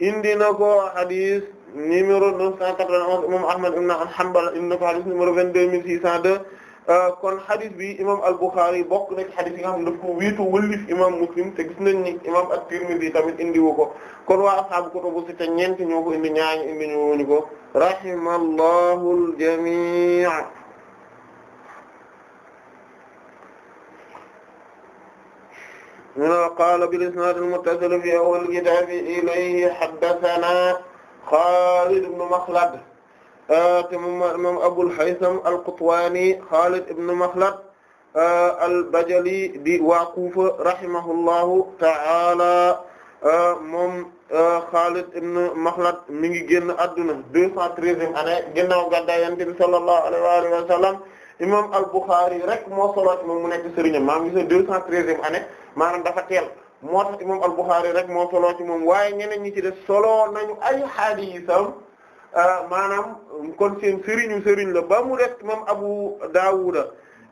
indi na ko xadis numéro 991 imaam Ahmad ibn Hanbal indi na ko xadis numéro 22602 Euh, kon xadis bi imam al-Bukhari bokk na ci xadis yi nga xam ne daf ko wiitu wëllif imam Muslim te gis nañ ni imam at-Tirmidhi tamit indiwu ko kon waa ashaabu kutubu sitta ñeent ñoo ko indi ñaañ indi ñooñu ko rahimallahu al-jamii' mina qaala bil-isnaad al-muttasil fi awwal kitaab ilayhi haddathanaa Xaalid ibn Maxlad te moom moom Abul Haytham al-Qutwani Khalid ibn Makhlad al-Bajali di waa Kufa rahimahullahu ta'ala moom Khalid ibn Makhlad mi ngi génn adduna deux cent treizième année ginnaaw gàddaay Yonent bi sallallahu alayhi wa sallam imam al-Bukhari rek moo solo ci moom mu nekk sëriñam maa ngi gis deux cent treizième année maanaam dafa teel moo tax imam al-Bukhari rek moo solo ci moom waaye ñeneen ñi ci de solo nañu ay hadiisam euh, maanaam kon seen sëriñu sëriñ la ba mu def imam Abu Dawuda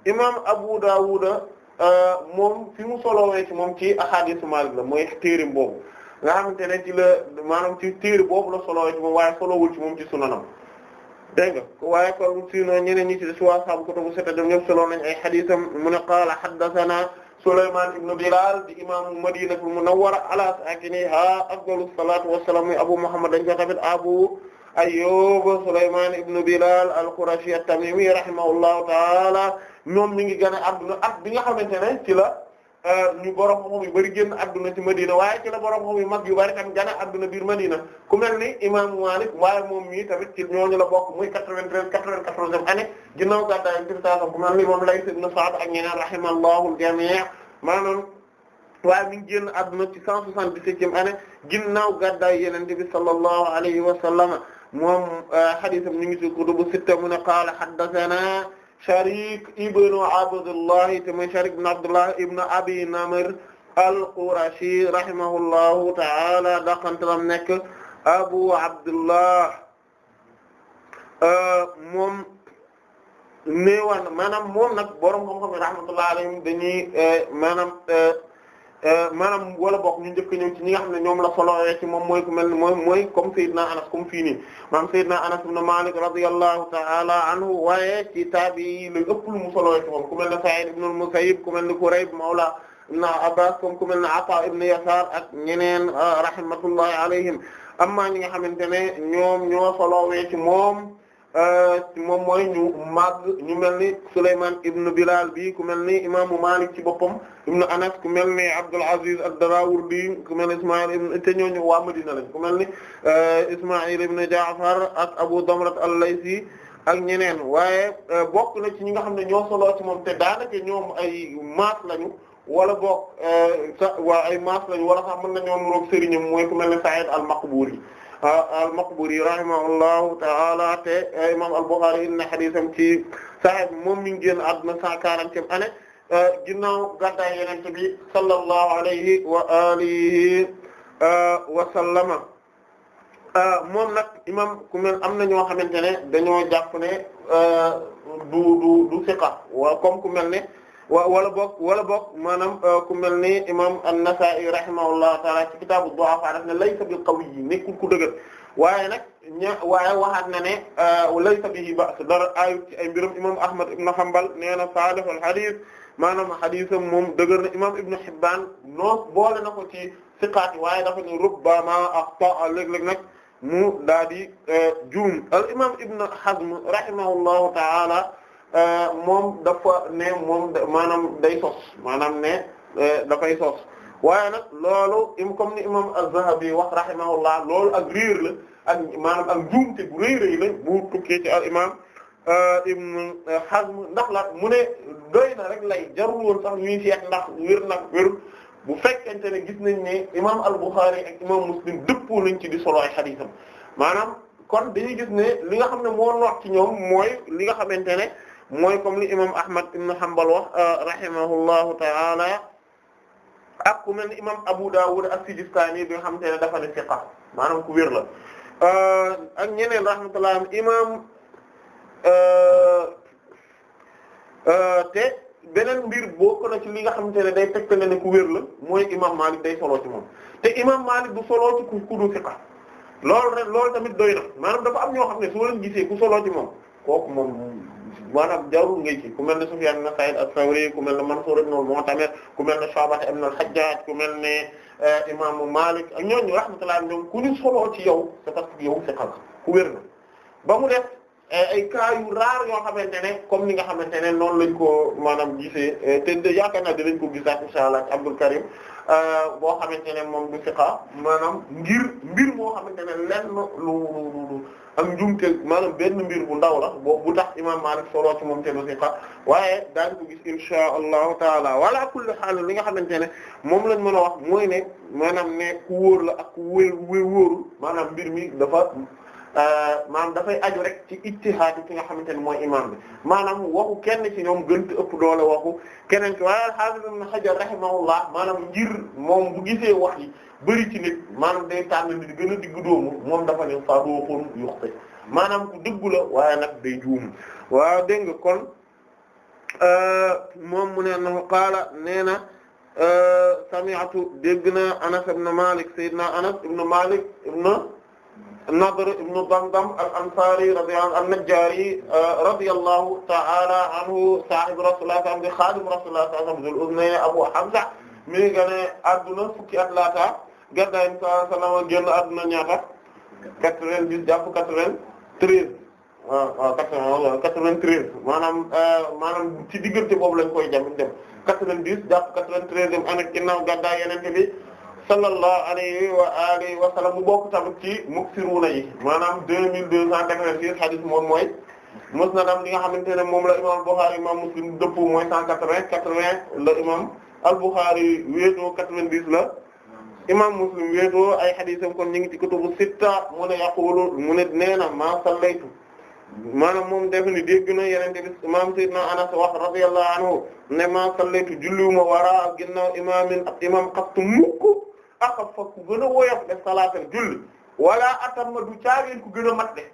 imam Abu Dawuda euh, moom fi mu solowee ci moom ci ahadis Maalik la mooy téerim boobu nga xamante ne ci la maanaam ci téeri boobu la solowee ci moom waaye solowul ci moom ci sunanam dégg nga waaye kon sinon ñeneen ñi ci des waa saabu kutubu sitta ñoom ñëpp solo nañ ay xadisam mu qaala haddathana Souleymane Ibn Bilal di imaamu Madinatul Munawwara ala sakiniha afdalu salaatu wa salaam muy abu Muhammad dañ ko tamit abu. Ayyub Sulaymaan ibn Bilal al-Qurashi at-Tamimi rahimahullahu ta'ala ñoom ñi ngi gën a adduna at bi nga xamante ne ci la euh, ñu borom xam yu bari génn adduna ci Madina waaye ci la borom xam-xam yu mag yu bari tam gën a adduna biir Madina ku mel ni imaam Maalik waaye moom mii tamit ci ñooñu la bokk muy 93 94e année ginnaaw gàddaay Yonent bi sallallahu alayhi wasallam ku mel ni génn adduna ci 177e année ginnaaw gàddaay Yonent bi sallallahu alayhi wa moom hadiisam euh, ñu ngi ci kutubu sitta mu ne qaala haddasanaa Sharik ibn Abdullah tamay Sharik ibn Abdullah ibn Abi Namr al-Qurashi rahimahullahu ta'ala daqantalam nekk Abu Abdullah euh, moom néewaan maanaam moom nag borom xam-xam rahmatullahi alayhim dañuy euh, maanaam. Euh, maanaam wala bokk ñu njëkk ñëw ci ñi nga xam ne ñoom la solowee ci moom mooy ku mel ne mooy mooy comme Seydina Anas comme fii nii maanaam Seydina Anas ibn Malik radiyallahu ta'ala anhu waaye ci taabi yi la ëpp lu mu solowee ci moom ku mel ne Sa'id ibn al-Musayyib ku mel ne Kurayb mawla ibn Abbas comme ku mel ne Ata ibn Yasar ak ñeneen rahmatullahi alayhim amma ñi nga xamante ne ñoom ñoo solowee ci moom Euh, moom mooy ñu màgg ñu mel ni Souleymane ibn Bilal bi ku mel ni imaamu Malik ci boppam ibn Anas ku mel ni Abdul Aziz ad-Darawardi ku mel ni Ismaïl ibn te ñooñu waa Madina lañ ku mel ni euh, Ismaïl ibn Ja'far ak Abu Damrat al-Laysi ak ñeneen waaye euh, bokk na ci ñi nga xam ne ñoo solo ci moom te daanaka ñoom ay maas lañu wala bokk waa ay maas lañu wala sax mën na ñoom roog sëriñam mooy ku mel ni Sa'id al-Maqburi al-Maqburi rahimahullahu ta'ala te imam al-Bukhari inna haditham moom mi ngi génn àdduna 140e année euh, ginnaaw gàddaay Yonent bi sallallahu alayhi wa alihi euh, wa sallama euh, moom nag imam ku am na ñoo xamante ne dañoo jàpp ne du du du siqa wa comme ku mel ne wala boog wala boog maanaam euh, ku mel ni imam an-Nasa'i rahimahullahu ta'ala ci kitaabu du'afa daf ne laysa bil qawiyyi nekkul ku dëgër waaye nag ña waxaat na ne euh, laysa bihi ba's dara ayu ci ay mbirum imam Ahmad ibn Hanbal nee na salih al hadith maanaam haditham moom dëgër na imam Ibn na ko ci siqaat waaye dafa ne rubbama axta'a léeg-léeg nag mu daa di euh, al imam Ibn Hazm rahimahullahu ta'ala Euh, moom dafa ne moom maanaam day sos maanaam ne euh, dafay sos waaye nag loolu comme ni imam az-Zahabi wax rahimahullah loolu ak réer la ak maanaam ak njuumte bu rëy rëy la bu tukkee al imam euh, Ibn ndax la mu ne doy na rek lay jarul woon sax ñuy seet ndax wér nag wér bu fekkente ne gis nañ ne imam al-Bukhari ak imam Muslim dëppoo nañ ci di solo ay xadiisam maanaam kon dañuy gis ne li nga xam ne moo noot ci ñoom mooy li nga xamante ne mooy comme li imam ahmad ibn hanbal wax euh, rahimahullahu taala ak ku mel ni imam abu dawud as-sijistani bi nga xamante ne dafa ne siqa maanaam ku wér la euh, ak ñeneen rahmatullah imam euh, te beneen mbir bokk na ci li nga xam ne day tegtale ne ku wér la mooy imam malik day soloo ci moom te imam malik du soloo ci ku du siqa loolu rek loolu tamit doy na maanaam dafa am ñoo xam ne soo leen gisee ku soloo ci moom kooku moom maanaam jarul ngéej ci ku mel ne Sufyan ibn Sa'id as-Sawri ku mel ne Mansur ibn al-Mu'tamir ku mel ne Shu'ba ibn al-Hajjaj ku mel ne eh, imaamu Malik ak ñooñu rahmatullah ñoom ku ñu soloo ci yow c'est parce que yow c'est xam ku wér na ba mu def eh, ay cas yu raar yoo xamante ne comme ni nga xamante ne noonu lañ ko maanaam gisee eh, te de yaakaar naa dinañ ko gisaat insha Allah Abdul Karim boo xamante ne moom du siqa maanaam ngir mbir boo xamante ne lenn lu lu lu ak njuumte maanaam benn mbir bu ndaw la boo bu tax imam Maalik solo ci moom te du siqa waaye daañu ko gis inshaa allahu taala wala kulli xaal li nga xamante ne moom lañ mën a wax mooy ne maanaam ne ku wóor la ak ku wóor wóorul maanaam mbir mi dafa Euh, maam dafay ajo rek ci ijtihaad ki nga xamante ne mooy imaam bi maanaam waxu kenn ci ñoom gënt ëpp doole waxu keneen ki waaye al-Haafiz ibn Hajar rahimahullah maanaam ngir moom bu gisee wax yi ci nit maanaam day tànn di gën a diggu doomu moom dafa ne saduuqun yuxti maanaam ku dëggu la waaye nag day juum waaw dégg nga kon euh, moom mu ne na qaala nee na euh, sami'tu na Anas ibn Malik Seydina Anas ibn Malik ibn Nadr ibn Damdam al-Ansari radiyallahu an-Najjari uh, radiyallahu ta'ala anhu sahib Rasulullah sallallahu alayhi wa sallam khadim Rasulullah sallallahu alayhi wa sallam Dhul-Udhnayni Abu Hamza mi ngi gane adduna fukki at laata gàddaay sallallahu alayhi wa sallam génn adduna ñaata 90 jàpp 93 waaw waaw 93 maanaam uh, maanaam ci diggante boobu lañ koy jam dem 90 jàpp 93 dem année ginnaaw gàddaay Yonent bi sallallahu alayhi wa alihi wa sallam mu bokk tamit ci muksiruna yi maanaam deux mille deux cent quatre-vingt-six hadith li nga xamante ne moom la imam Bukhari imam Muslim dëppoo mooy cent quatre-vingts quatre-vingts la imam al-Bukhari wéetoo quatre-vingt-dix la imam Muslim wéetoo ay haditham kon ñu ngi ci sitta mu ne yaqulu mu ne nee sallaytu maanaam moom def ni dégg na yenente bi imam sayyidina Anas wax radiyallahu anhu ne ma sallaytu julliwuma axaf fa ku gën a woyof def salaatal julli wala atamma du ku gën a mat de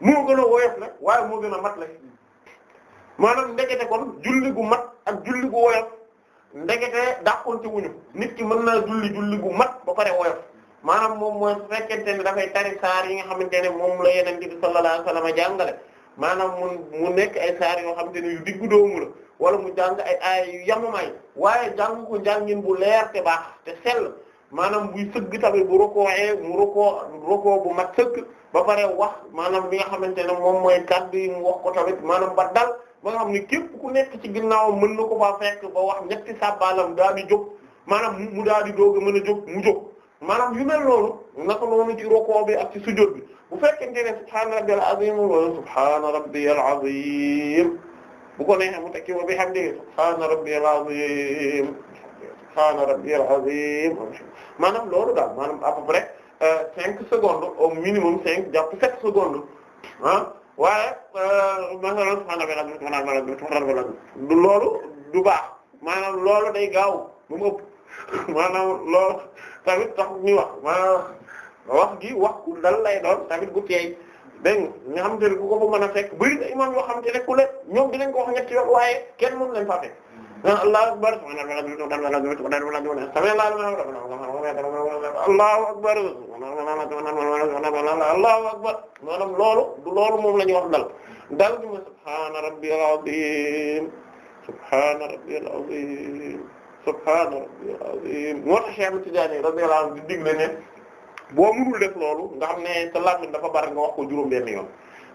moo gën a woyof la waaye moo gën a mat la maanaam ndekete kon julli gu mat ak julli gu woyof ndekete dàqonte wuñu nit ki mën naa julli julli gu mat ba pare woyof maanaam moom mooy su fekkente ne dafay tari saar yi nga xamante ne moom la yeneen bi sallallahu alayhi wasallam jàngale maanaam mu mu nekk ay saar yoo xamante ne yu diggu doomu la wala mu jàng ay ay yu yamamaay waaye jàng ko njàngin maanaam buy sëgg tamit bu rokooxee mu rokoo rokoo bu mat sëkk ba pare wax maanaam li nga xamante ne moom mooy kàddu yi mu wax ko tamit maanaam ba dal ba nga xam ne képp ku nekk ci ginnaawam mën na ko faa fekk ba wax ñetti sàbbaalam daal di jóg maanaam mu daal di doog a mën a jóg mu jóg maanaam yu mel loolu naka noonu ci rokoo bi ak ci sujjóot bi bu fekkente ne subhaana rabbil azim wa subhaana rabbiyal azim bu ko neexee mu tekki subhaana maanaam loolu daal maanaam à peu près euh, cinq secondes au minimum cinq jàpp sept secondes ah waaye euh, maanaam subhaana rabbiyal aziim subhaana rabbiyal loolu du baax maanaam loolu day gaaw ba mu ëpp maanaam loolu tamit tax ñu wax maanaam wax gi wax ku dal lay doon tamit gu teey dégg na xam xamante ne ku ko fa mën a fekk bari na imaam yoo xamante ne ku ne ñoom dinañ ko wax ñetti yoon waaye kenn mën nañ fa fekk allahu akbar allahu akbar allahu akbar maanaam loolu du loolu moom la ñu wax dal dal bi ma subhaana rabbiyal azim subhaana rabbiyal azim subhaana rabbiyal azim moo tax Cheikh Tidiane radiyallahu anhu di digle ne boo mënul def loolu nga xam ne sa dafa bari nga wax ko juróom benn yoon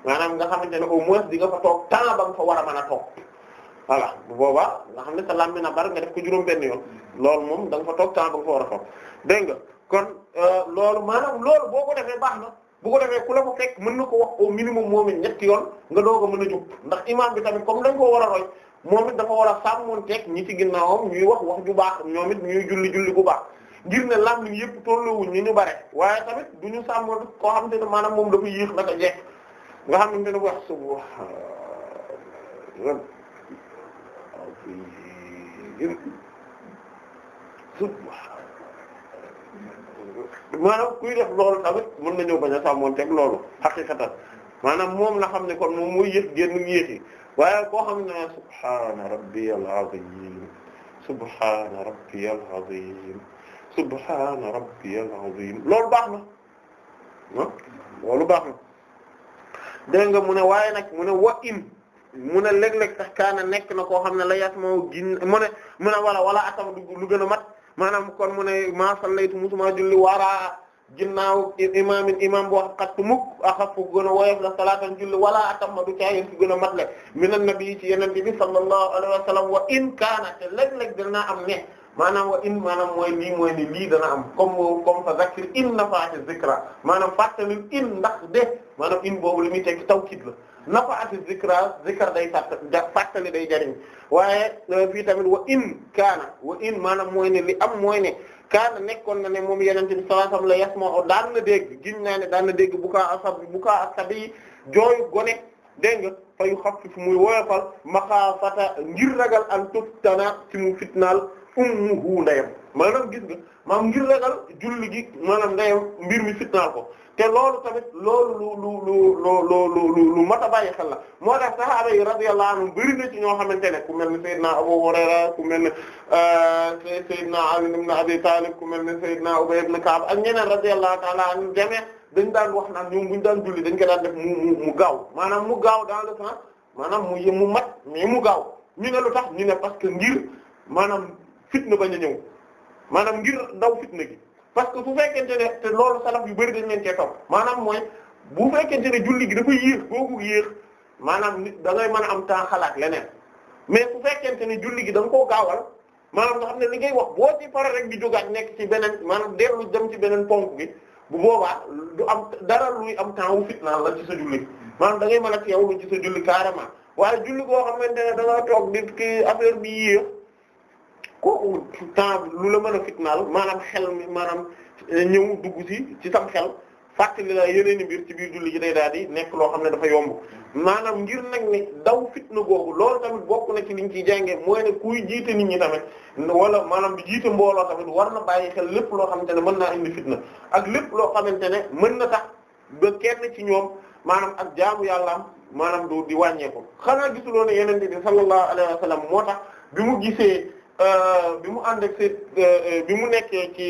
maanaam nga xamante ne au moins di nga fa toog temps ba nga voilà bu boobaa nga xam ne sa làmmiñ na bar nga def ko juróom benn yoon loolu moom da nga fa toog temps ba nga fa war a toog dégg nga kon euh, loolu maanaam loolu boo ko defee baax na bu ko defee ku la ko fekk mën na ko wax au minimum moom it yoon nga doog a mën a jub ndax imaam bi tamit comme dañ koo war a moom it war a sàmmonteeg ñi ci ginnaawam ñuy wax wax ju baax ñoom it ñuy julli julli bu baax ngir ne làmmiñ yëpp tolluwuñ ñu ñu bare waaye tamit du ñu sàmmoon koo xam te ne maanaam moom dafa yéex naka jeex nga xam ne wax suba maanaam kuy def loolu tamit mën na ñëw bañ a sàmmonteeg loolu xaqiqatan maanaam moom na xam ne kon moom mooy yéex génn yéexi waaye koo xam ne subhaana rabbiyal azim subhaana rabbiyal azim subhaana rabbiyal azim loolu baax na ah loolu baax na dégg nga mu ne waaye nag mu ne wa in mu a léeg-léeg tax kaana nekk na koo xam ne la yas moo gin mu ne mu wala a atam lu gën a mat maanaam kon mu a maa sallaytu musuma julli waraa ginnaaw imaamin imaam boo xattu mukk axafu gën a woyof la salaatan julli wala atam ma du caayen si a mat le minan nabi ci yenente bi sallallahu alayhi wa sallam wa in kaana te léeg-léeg dana am ne maanaam wa in maanaam mooy ni lii dana am comme comme fa zakir in nafaati zikra maanaam fàttali in ndax de maanaam in boobu li muy tekki tawkiid la nafaati zikra zikra day fàtt fàttali day jariñ waaye euh, fii tamit wa in kaana wa in maanaam mooy ne li am mooy ne kaana nekkoon na ne moom yenente bi sallallahu alayhi wasallam la yasma'u daan na dégg giñ naa ne daan na dégg bukaa asab bukaa asabi jooyu gone dégg nga fa yu xaffif muy woyofal maxaafata ngir ragal an tuftana ci mu fitnaal ummuhu ndeyam maanaam gis nga maam ngir ragal julli gi maanaam ndeyam mbir mi fitnaal ko te loolu tamit loolu lu lu lu lu lu lu mat a bàyyi xel la moo tax sahaaba yi radiyallahu anhum bari na ci ñoo xamante ne ku mel ne Seydina Abu Hurayra ku mel ne euh, Seydina Ali ibn Abi Talib ku mel ne Seydina Ubay ibn Ka'b ak ñeneen radiyallahu ta'ala anhum jamee dañ daan wax naan ñoom buñu daan julli dañ ko daan def mu mu gaaw maanaam mu gaaw dans le maanaam mu mu mat mais mu gaaw ñu ne lu tax ñu ne parce que ngir maanaam fitna bañ a ñëw maanaam ngir ndaw fitna gi parce que su fekkente ne te loolu salaf yu bari dañ leen cee topp maanaam mooy bu fekkente ne julli gi dafa yéex googu yéex maanaam nit da ngay mën a am temps xalaat leneen mais su fekkente ne julli gi da koo gaawal maanaam nga xam ne li ngay wax boo di pare rek di jógaat nekk ci beneen maanaam dellu dem ci beneen ponk bi bu boobaa du am dara luy am temps wu fitna la ci sa julli maanaam da ngay mën a teewlu ci sa julli carrément waaye julli boo xamante ne da nga toog nit ki affaire bi kooku temps lu la mën a fitnaal maanaam xel maanaam eh, ñëw dugg ci ci sam xel fàttali la yeneen i mbir ci biir julli ji day daal di nekk loo xam ne dafa yomb maanaam ngir nag ni daw fitna googu loolu tamit bokk na ci liñ ciy jàngee mooy ne kuy jiite nit ñi tamit wala maanaam di jiite mbooloo tamit war na bàyyi xel lépp loo xamante ne mën naa indi fitna ak lépp loo xamante ne mën na tax ba kenn ci ñoom maanaam ak jaamu yàllaam maanaam doo di wàññeeku xanaa gisuloo ne yeneen bi sallallahu alayhi wa moo tax bi mu Euh, bi mu ànd ak seen euh, euh, bi mu nekkee ci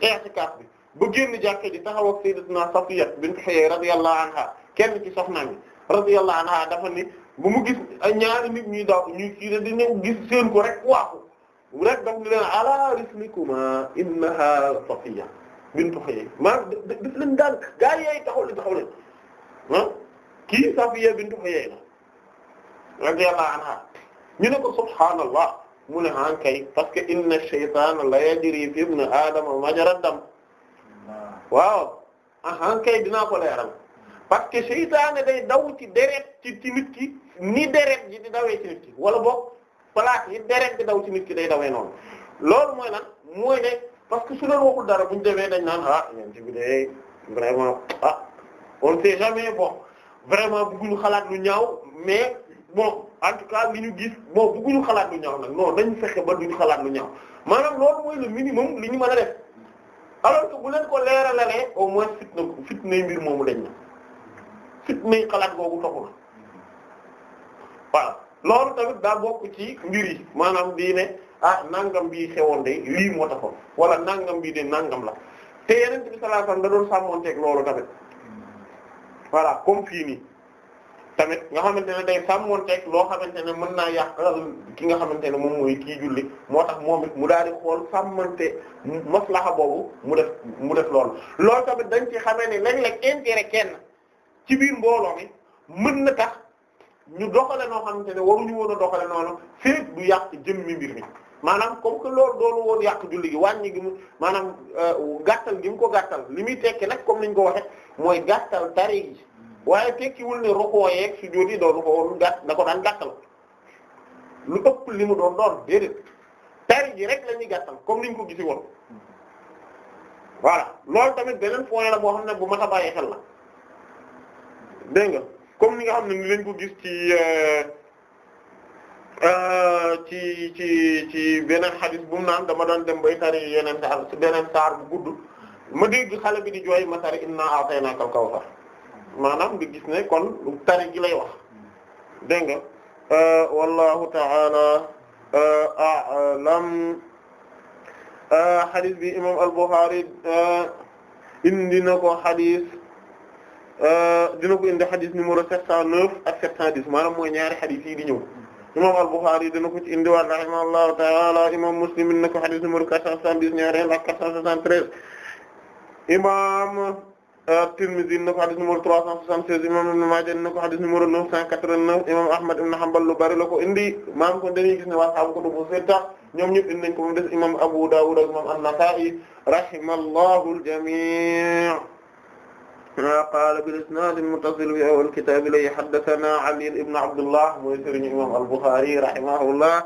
i'tikaf bi ba génn jàkke ji taxaw ak sayyidatuna Safiya bint Huyay radiyallahu anha kenn ci soxnaam yi radiyallahu anha ni bu mu gis ñaari nit ñuy daw ñu kii de dinañ gis seen ko rek waaxu rek daf ni leen ala rislikuma innaha Safiya bint Huyay maa def leen dànk gaa ah, kii Safiya bint Huyay la radiyallahu anha ñu ne ko subhaanallah mu ne an ah, kay parce que inna a la yajri fi ibn aadama majra dam waaw ahan ah, kay dinaa ko leeral parce que seytaane day daw ci deret ci ci ki ni deret ji di dawee ci nit wala boog plaque yi deret di daw ci nit ki day dawee noonu loolu mooy nag mooy ne parce que su leen waxul dara bu ñu demee dañ naan ah ñen ci bi de vraiment ah on sait jamais bon vraiment bëgguñu xalaat lu ñaaw mais bon en tout cas li ñu gis bon bëgguñu xalaat lu ñaaw nag non dañ fexe ba duñu xalaat lu ñaaw maanaam loolu mooy le minimum li ñu mën a def alors que bu leen ko leeralalee au moins fitna fitnay mbir moomu dañ na fitnay xalaat boobu toxu na voilà loolu tamit daa bokk ci mbir yi maanaam di ne ah nangam bi xewoon de lii moo taxoon wala nangam bii de nangam la te yeneen bi sallallahu alayhi da doon sàmmonteeg loolu tamit voilà comme fii nii. tamit nga xamante ne day sàmmonteeg loo xamante ne mën naa yàq euh, ki nga xamante ne moom mooy kii julli moo tax moom it mu daal di xool sàmmante maslaxa boobu mu def mu def lool loolu tamit dañ ci xamee ne léeg-léeg intérêt kenn ci biir mbooloo mi mën na tax ñu doxale noo xamante ne waruñu woon a doxale noonu féeg du yàq jëmmi mbir mi maanaam comme que loolu doonu woon yàq julli gi wàññi gi mu maanaam euh, gàttal gi mu ko gàttal li muy tekki nag comme niñ ko waxe mooy gàttal tari waaye tekkiwul ne rukoo yeeg sujjóot yi doon ko woon gàtt da ko daan gàttal lu ëpp li mu doon doon déedéet tari ji rek la ñuy gàttal comme niñ ko gisi woon voilà loolu tamit beneen point la boo xam ne bu mat a bàyyi xel la dégg nga comme ni nga xam ne ni lañ ko gis ci euh, euh, ci ci ci beneen xadis bu mu naan dama doon dem bay tari yeneen saar beneen saar bu gudd ma dégg xale bi di jooy ma tari inna naa al-kawsar maanaam nga gis ne kon tari gi lay wax dégg nga euh, wallahu ta'ala euh, a'lam xadis euh, bi imam al-Bukhari indi na ko xadis dina ko indi xadis numéro 709 ak 710 maanaam mooy ñaari xadis yi di ñëw imam al-Bukhari dina ko ci indiwaat rahimahullahu ta'ala imam Muslim na ko xadis numéro 470 ñaareel ak 473 imam Euh, Tirmidhi na ko xadis numéro 376 imam Ibn Maaja na ko xadis numéro 989 imam Ahmad ibn Hanbal lu bari la ko indi maam kon dañuy gis ne waa saabu kutubu sitta ñoom ñëpp indi nañ ko moom des imam Abu Dawud ak imam An-Nasa'i rahimallahu al-jami' qala bil-isnad al-muttasil fi awwal kitab li haddathana Ali ibn Abdullah mooy sëriñ imam al-Bukhari rahimahullah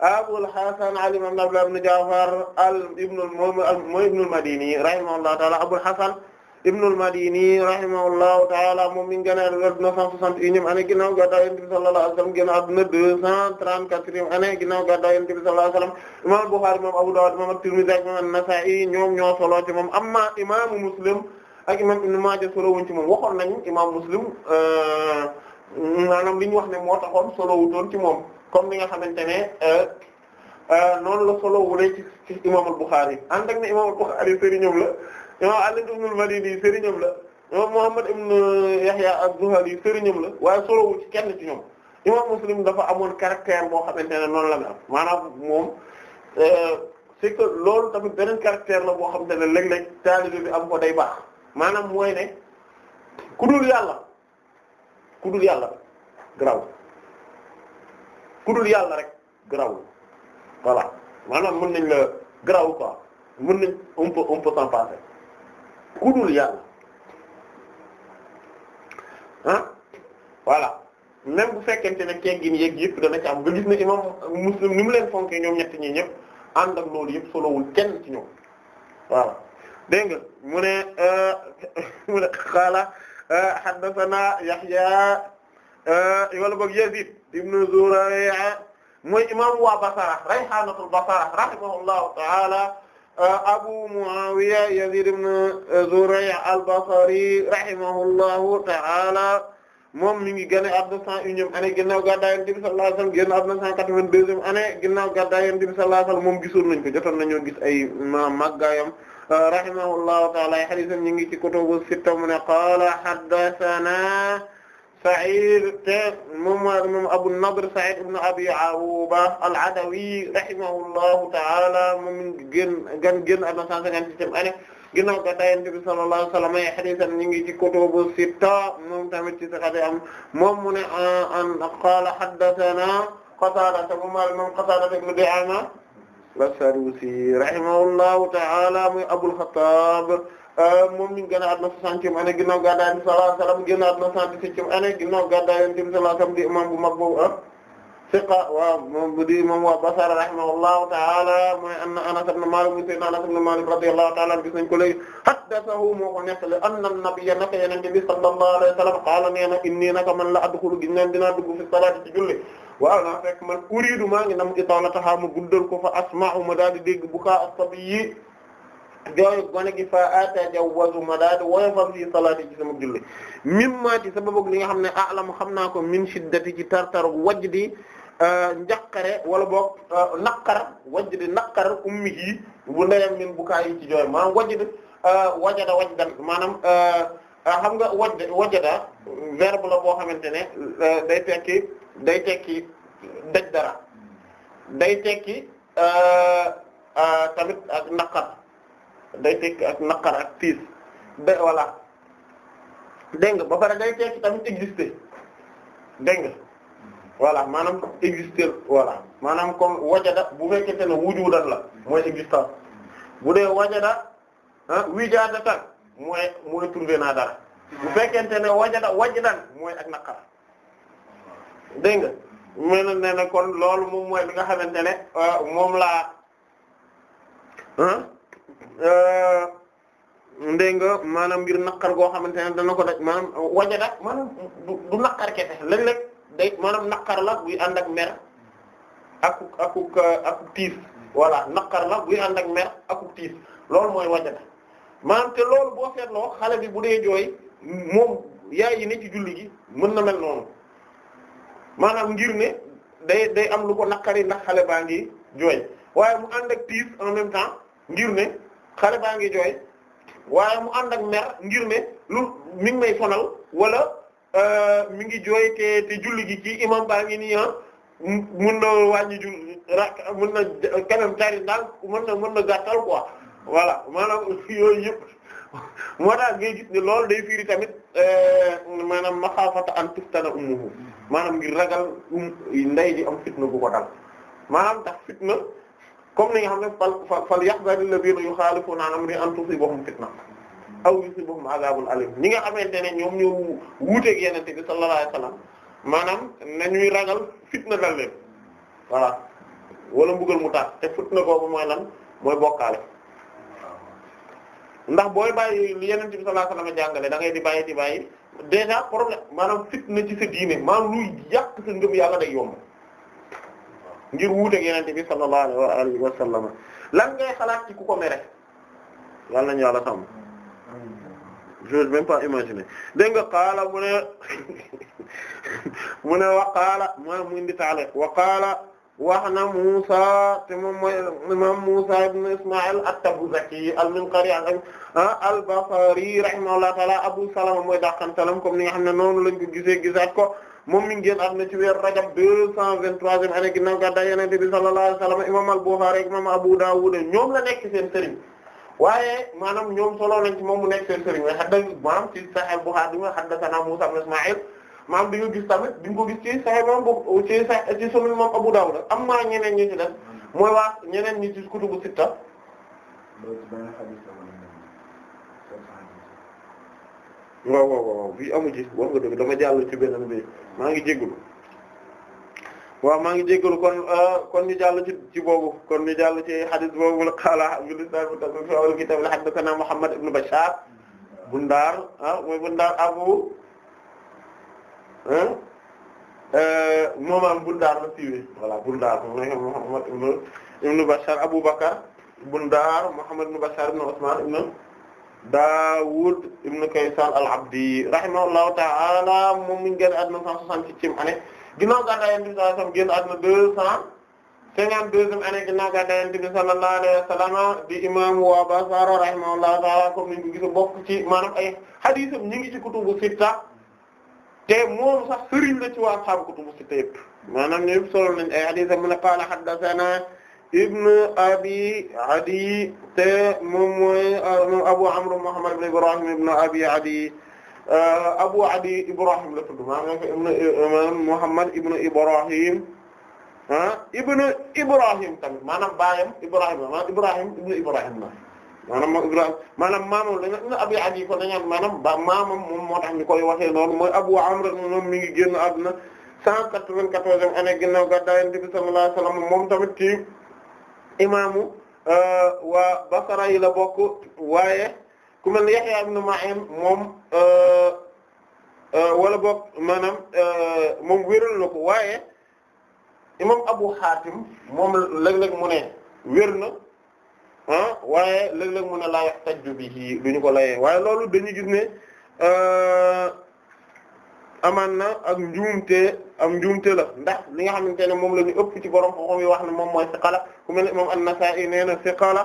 Abul Hasan Ali ibn Abdullah ibn Ja'far al ibn al-Madini rahimahullah ta'ala Abul Hasan ibnul Madini rahimahullahu ta'ala moom mi ngi génn àdduna 961 année ginnaaw gàddaay Yonent bi sallallahu alayhi wa sallam génn àdduna 234 année ginnaaw gàddaay Yonent bi sallallahu alayhi wa sallam imaam Bukhari moom Abu Dawud moom At-Tirmidhi ak moom An-Nasa'i ñoom ñoo solo ci moom amma imaamu Muslim ak imaam Ibn Maaja solo wuñ ci moom waxoon nañu imaam Muslim euh, maanaam li ñu wax ne moo taxoon solo wutoon ci moom comme ni nga xamante ne euh, euh, noonu la solo wulee ci ci imaamul Bukhari ànd ak ne imaamul Bukhari sëriñam la. imam Ali ibn al-Madini la imam Muhammad ibn Yahya az la waaye kenn ci ñoom imam Muslim dafa amoon caractère boo xamante ne noon la mel maanaam moom euh, c'est loolu tamit beneen caractère la boo xamante ne léeg-léeg taalibe bi am ko day baax maanaam mooy ne ku dul yàlla ku dul yàlla graw ku dul yàlla rek graw voilà maanaam mën nañ la graw quoi mën nañ on peut on peut s'en ku dul yàlla ah voilà même bu fekkente ne teggin yeeg yëpp dana ci am nga gis ne imam muslim ni mu leen fonkee ñoom ñett ñi ñëpp ànd ak loolu yëpp solowul kenn ci ñoom voilà dégg nga mu ne xaala euh, euh, haddathana Yahya euh, wala boog Yazid ibn Zuray' mooy imam waa Basra rayhanatul Basra rahimahullahu ta'ala Euh, Abu Muawiya Yazid ibn Zuray' al-Basri rahimahullahu ta'ala moom mi ngi génn àdduna cent unième année ginnaaw gàddaay Yonent bi sallallahu alayhi wasallam génn àdduna cent quatre moom gisoon nañ ko jotoon nañoo gis ay màggaayam euh, rahimahullahu ta'ala ay hadiisam ñu ci kutubu sitta mu ne qaala haddathana Saïd te moom mooy moom Abu Nadr Saïd ibn Abi Aruba al-Adawi rahimahullahu ta'ala moom génn gan génn àdduna 157 ane ginnaaw gàddaay Yonent bi sallallahu alayhi wa sallam ay hadiisam ñu ngi ci kutubu sitta moom tamit ci saxaat am moom mu ne an qaala haddathanaa Qataada te moom moom Qataada ibn Di'aama as-Saduusi rahimahullahu ta'ala muy Abul Khattaab Euh, moom mi ngi gën a adduna soixantième année ginnaaw gàddaay Yonent bi sallallahu alayhi wa sallam gën a adduna soixante-septième année ginnaaw gàddaay Yonent bi sallallahu alayhi wa sallam di imam bu mag boobu ah siqa waaw moom bu di moom waa Basra rahimahullahu ta'ala mooy anna Anas ibn Malik mu sayyidina Anas ibn Malik radiyallahu ta'ala gis nañ ko léegi haddathahu moo ko nettali anna nabiyya naka Yonent bi sallallahu alayhi wa sallam qaala nee na inni naka man la adkhulu gis nañ dinaa dugg fi salaati ci julli waaw naa fekk man uriidu maa ngi nam italataha ma guddal ko fa asma'u ma daal di dégg bukaa as-sabiyyi jooyu gone gi fa ata jawwazu ma daa di woyofal fii salaati ci sama julli mimma ci sababu li nga xam ne alamu xam naa ko min shiddati ci tartar wajj di euh, njaqare wala boog euh, naqar wajj di naqar ummi yi bu ndeyam min bu kaay yi ci jooy maanaam wajj di euh, wajada wajdan maanaam xam nga waj wajda verbe la boo xamante ne day tekki day tekki daj dara day tekki tamit ak naqar day tekki ak naqar ak tiis da voilà dégg nga ba pare day tekki tamit exister dégg nga voilà maanaam exister voilà maanaam comme wajada bu fekkente ne wujudan la mooy existence bu dee wajada da ah, wijaadatan mooy mooy trouver daal bu fekkente ne wajada wajadan mooy ak naqar dégg nga mel na ne kon loolu moom mooy li nga xamante ne euh, moom laa ah ndég euh, nga maanaam ngir naqar goo xamante ne dana ko da maanaam euh, wajada maanaam du naqar kese léeg-léeg day maanaam naqar la buy ànd ak mer ak ak ak tiis voilà loolu mooy wajada maanaam te loolu boo seetloo xale bi bu dee jooy moom yaay yi ne ci julli gi mën na mel noonu maanaam ngir ne day day am lu ko naqari ndax xale baa ngi jooy waaye mu ànd ak tiis en même temps ngir ne xale baa ngi jooy waaye mu ànd ak mer ngir ne lu mi ngi may sonal wala euh, mi ngi jooy te te julli gi imam baa ngi nii ah mun na wàññi jul mun na kanam tari daal mën na mën na gàttal quoi voilà yooyu yëpp moo tax ngay gis ne loolu day fiiri tamit euh, maanaam maxaafata an tuftana ummuhu maanaam ngir ragal um ndey am fitna bu ko dal tax fitna comme ni nga xam ne fal fal yahzaril ladina yukhalifuna an amri an tusibahum fitna aw yusibahum azabun alim ñi nga xamante ne ñoom ñoo wuuteeg yenente bi sallallahu alayhi wasallam maanaam na ñuy ragal fitna dal leen wala mbugal mu tax te fitna googu mooy lan mooy bokkaale ndax booy bàyyi li yenente bi sallallahu alayhi wasallam jàngale da ngay di bàyyi di bàyyi déjà problème maanaam fitna ci sa diine maanaam luy yàq sa ngëm yàlla day yomb ngir wuuteeg yeneen bi sallallahu alayhi wa sallam lan ngay ku ko mere yàlla nañu yàlla sàmm. j'ose même pas imaginer dégg nga qaala mu ne mu mu indi taale wa qaala wax na Musa te moom mooy imam Musa ibn Isma'il at-Tabuzaki al-Minqari ah, al-Basri rahimahullahu ta'ala Abu Salama mooy dàqantalam comme ni nga xam ne noonu lañ ko gisee gisaat ko. moom mi ngi génn àdduna ci weer rajab deux cent vingt-troisième année ginnaaw gàddaay Yonent bi sallallahu alayhi wa sallam imam al-Bukhari ak imam Abu Dawud ñoom la nekk seen sëriñ waaye maanaam ñoom nañ moom mu nekk seen sëriñ waaye Isma'il maanaam di nga gis tamit di nga ko gis ci Sahih moom boobu ci Sahih ci Sunan moom Abu da am na ñeneen ñi ci def mooy waa ñeneen ñi ci kutubu sitta waaw waaw waaw bii amu ci wax nga dëgg dama jàll ci beneen maa ngi jégalu waaw maa ngi jégalu kon euh, kon ñu jàll ci boobu kon ñu jàll ci hadith boobu la qaala bilisnad muttasil fi awwal kitab la haddathana ibn Bashar Bundaar ah Bundaar Abu moomaam ibn Bashar Abu Bakr Bundaar Muhammad ibn Bashar ah, ah, euh, ibn Usman ibn Daawud ibn Kaysan al-Abdi rahimahullahu ta'ala moom mi ngi génn àdduna 167 année ginnaaw gàddaay Yonent bi sallallahu alayhi wasallam génn àdduna 252 année ginnaaw gàddaay Yonent bi sallallahu alayhi wasallam di imam wa basara rahimahullahu ta'ala comme ni ñu gis bokk ci maanaam ay hadiisam ñi ngi ci kutubu sitta te moom sax sëriñ la ci waa ashaabu kutubu sitta yëpp maanaam ñëpp solo nañ ay hadiisam mu ne qaala haddathana ibn abi adi te moom mooy abu amr muhammad ibn ibrahim ibn abi adi euh, abu adi ibrahim la tudd maanaam muhammad ibn ibrahim ah ibn ibrahim tamit maanaam baayam ibrahim la maanaam ibrahim ibn ibrahim la maanaam ibrahim maanaam maamam dañu ibn abi adi ko dañu maanaam ba maamam moom moo tax ñu koy waxee noonu mooy abu amr moom mi ngi génn àdduna cent quatre-vingt-quatorzième année ginnaaw gàddaay Yonent bi sallallahu alayhi wasallam moom tamit ci imaamu euh, waa Basra yi la bokk waaye ku mel ne Yahya ibn Ma'in moom euh, euh, wala bokk maanaam moom wéral na ko waaye imam Abu Hatim moom léeg-léeg mu ne wér na ah waaye léeg-léeg mu ne laa yaxtajju bihi du ñu ko layee waaye loolu dañuy gis ne. amaan na ak njuumte am njuumte la ndax li nga xamante ne moom la ñu ëpp ci borom xam-xam wax ne moom mooy siqa ku mel ne moom an-Nasa'i nee na siqa la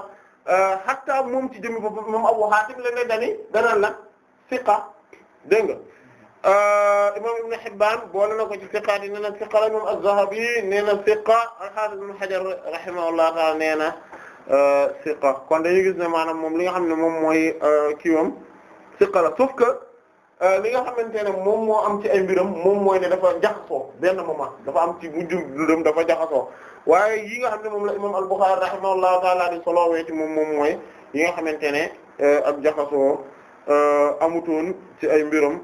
euh, hatta moom ci jëmmi boppam moom Abu Hatim la ne dani danaan la siqa dégg nga euh, imam Ibn Hibban boole na ko ci siqaat yi nee na siqa la moom az-Zahabi nee na siqa al-Hafiz nee na euh, siqa kon dañuy gis ne maanaam moom li nga xam ne moom mooy kiiwam siqa la sauf Euh, li nga xamante ne moom moo am ci ay mbiram moom mooy ne dafa jaxasoo benn moment dafa am ci mujj dundam dafa jaxasoo waaye yi nga xam ne moom la imam al-Bukhari rahimahullahu ta'ala di solowee ci moom moom mooy yi nga xamante ne euh, ak jaxasoo euh, amutoon ci ay mbiram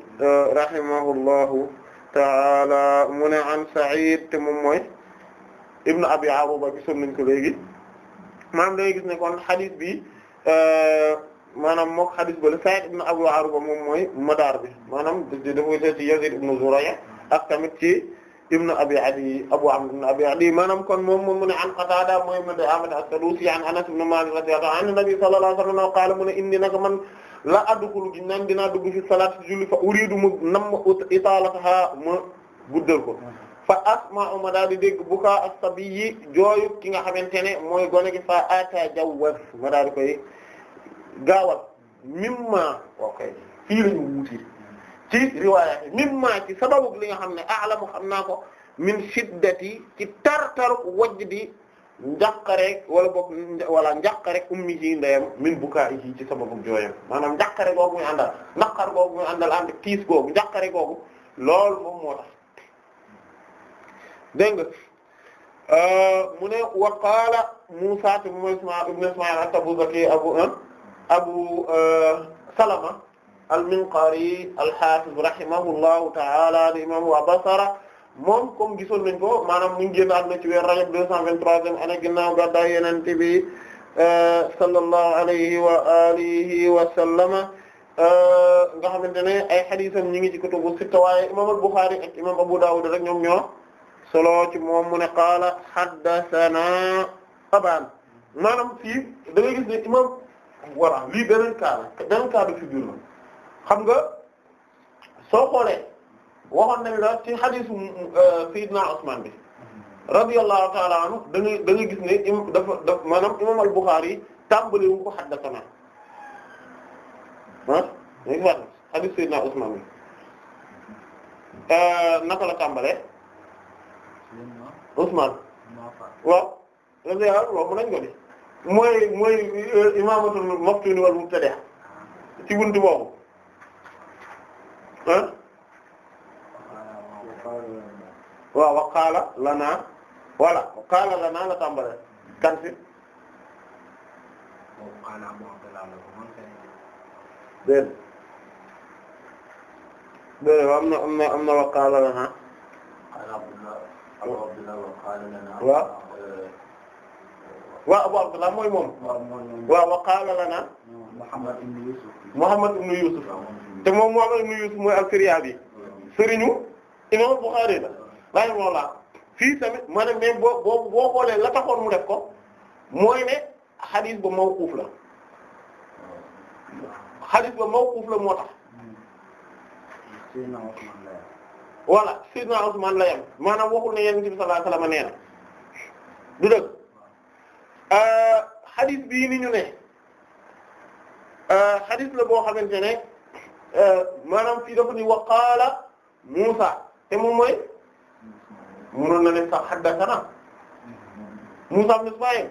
rahimahullahu ta'ala mu ne te moom mooy ibnu Abi Aruba gisoon nañ ko léegi maanaam da gis ne kon hadith bi maanaam mook xadis bale Sa'id ibn Abu Aruba moom mooy madaar bi maanaam dafa te ci Yazid ibn Zuraya ak tamit ci ibn Abi Adi Abu Amr ibn Abi Adi maanaam kon moom moom mu ne an Qatada mooy ibn Amr as-Sadusi an Anas ibn Malik radiyallahu anhu Nabi sallallahu alayhi wa sallam qaala mu ne inni naka man la adxulu ji naan dinaa dugg fi salaat julli fa uridu mu nam ma itaalataha ma guddal ko fa asma'u ma daal di dégg buka as-sabi yi jooyu ki nga xamante ne mooy gone gi fa atajawwaz ma daal di koy gaawal mimma ok fii la ñu ci riwaaya mimma ci sababu li nga xam ne a'lamu xam naa ko min shiddati ci tartaru wajdi njàqare wala boog wala njàqare ummi ci ndeyam min bukaa'ihi ci sababu jooyam maanaam njàqare googu muy àndal naqar googu muy àndal ànd tiis googu njàqare googu loolu moom moo tax dégg nga euh, mu ne ibn Ismaa'il ibn Ismaa'il abu an Abu uh, Salama al-Minqari al-Hafiz rahimahullahu ta'ala di imam wa Basra moom comme gisoon nañ ko maanaam mu ngi génn àdduna ci weer Rajab 223e année ginnaaw gàddaay Yonent bi uh, sallallahu alayhi wa alihi wa sallama uh, nga xamante ne ay xadiisam ñi ngi ci kutubu sitta waaye imam al-Bukhari ak imam Abu Dawud rek ñoom ñoo solo ci moom mu ne qaala haddathana Abaan maanaam fii da gis ne imam voilà lii beneen cas beneen cas de figure la xam nga soo xoolee waxoon nañ la ci xadiisu euh, Seydina Usmaan bi radiyallahu ta'ala anhu da ngay da gis ne im dafa daf maanaam imam al-Bukhari yi tàmbali wu ko haddathana ah ñu ngi fàttali xadiisu Seydina Usmaan bi euh, naka la tàmbale Usmaan waaw radiyallahu waaw mën nañ ko mooy mooy euh, imaamatul maftuni wal mubtadi ci buntu boobu ah waaw wa qaala lanaa voilà la tàmbale kan fi dén am na am na am waaw Abu Abdullah mooy moom waaw wa lana Muhammad ibn Yusuf Muhammad ibn Yusuf te moom Muhammad ibn Yusuf mooy al-Firyaabi sëriñu imam Bukhari la fii tamit maanaam mais boo boo boo xoolee la taxoon mu def ko mooy ne xadis ba mawquuf la xadis ba mawquuf la moo tax voilà Seydina la yam maanaam waxul ne Yonent bi sallallahu alayhi wasallam nee du dëgg xadis euh, bi ni ñu ne xadis euh, la boo xamante ne euh, maanaam fii dafa ni wa qaala Muusa te moom mooy munoon na ne sax haddathana Muusa ibn Ismaayil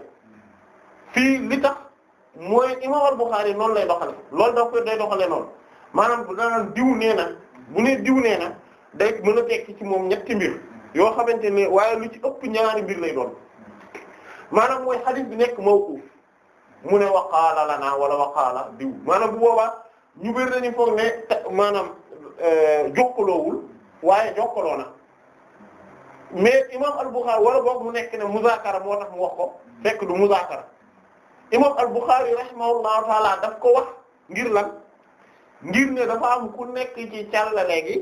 fii li tax mooy imam al-Bukhari noonu lay doxale lool daf koy day doxale noonu maanaam bu daan diw nee na bu ne diw nee na day mën a tekki ci moom ñetti mbir yoo xamante ne waaye lu ci ëpp ñaari mbir lay doon maanaam mooy xadis bi nekk mawquf mu ne waqaala lanaa wala waqaala diw maanaam bu boobaa ñu bëri nañu foog ne maanaam euh, jokkaloowul waaye jokkaloo na mais imam al-Bukhari wala boog mu nekk ne muzaakara moo tax mu wax ko fekk du muzaakara imam al-Bukhari rahimahullahu taala daf ko wax ngir lan ngir ne dafa am ku nekk ci càlla léegi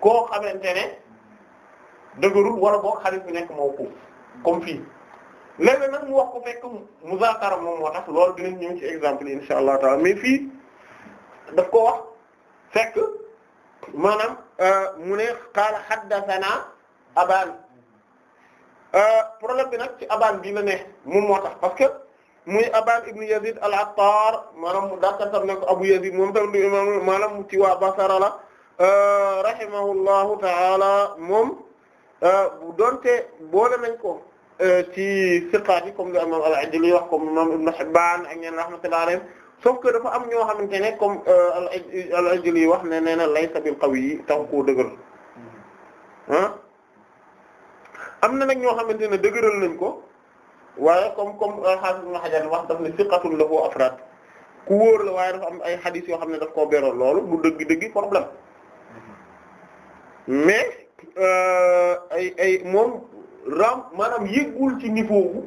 koo xamante ne dëgërul wala boog xadis bi nekk mawquf comme fii léeg-léeg nag mu wax ko fekk muzaakara moom moo tax loolu dinañ ñëw ci exemple insha allah taala mais fii daf ko wax fekk maanaam euh, mu ne qaala haddathana abaan euh, problème bi nag ci abaan bi la ne moom moo tax parce que muy abaan ibn yazid al attar maanaam mu dakkantam ne ko abu yazid moom tam du imam maanaam ci waa basara la euh, rahimahullahu taala moom doonte boole nañ ko Euh, ci siqaat yi comme li imam al-Ajli wax comme imam Ibn Hibban ak ñeneen rahmatullahi alayhim sauf que dafa am ñoo xamante ne comme euh, al-Ajli wax ne nee na laysa bil qawi taxu koo dëgër ah am na nag ñoo xamante ne dëgëral nañ ko waaye comme comme xaalis euh, Ibn Hajar wax daf ne siqatun lahu afraad ku wóor la waaye dafa am ay xadis yoo xam ne daf koo beroo loolu bu dëgg-dëgg problème mm-hmm. mais ay ay moom ram maanaam yëggul ci niveau wu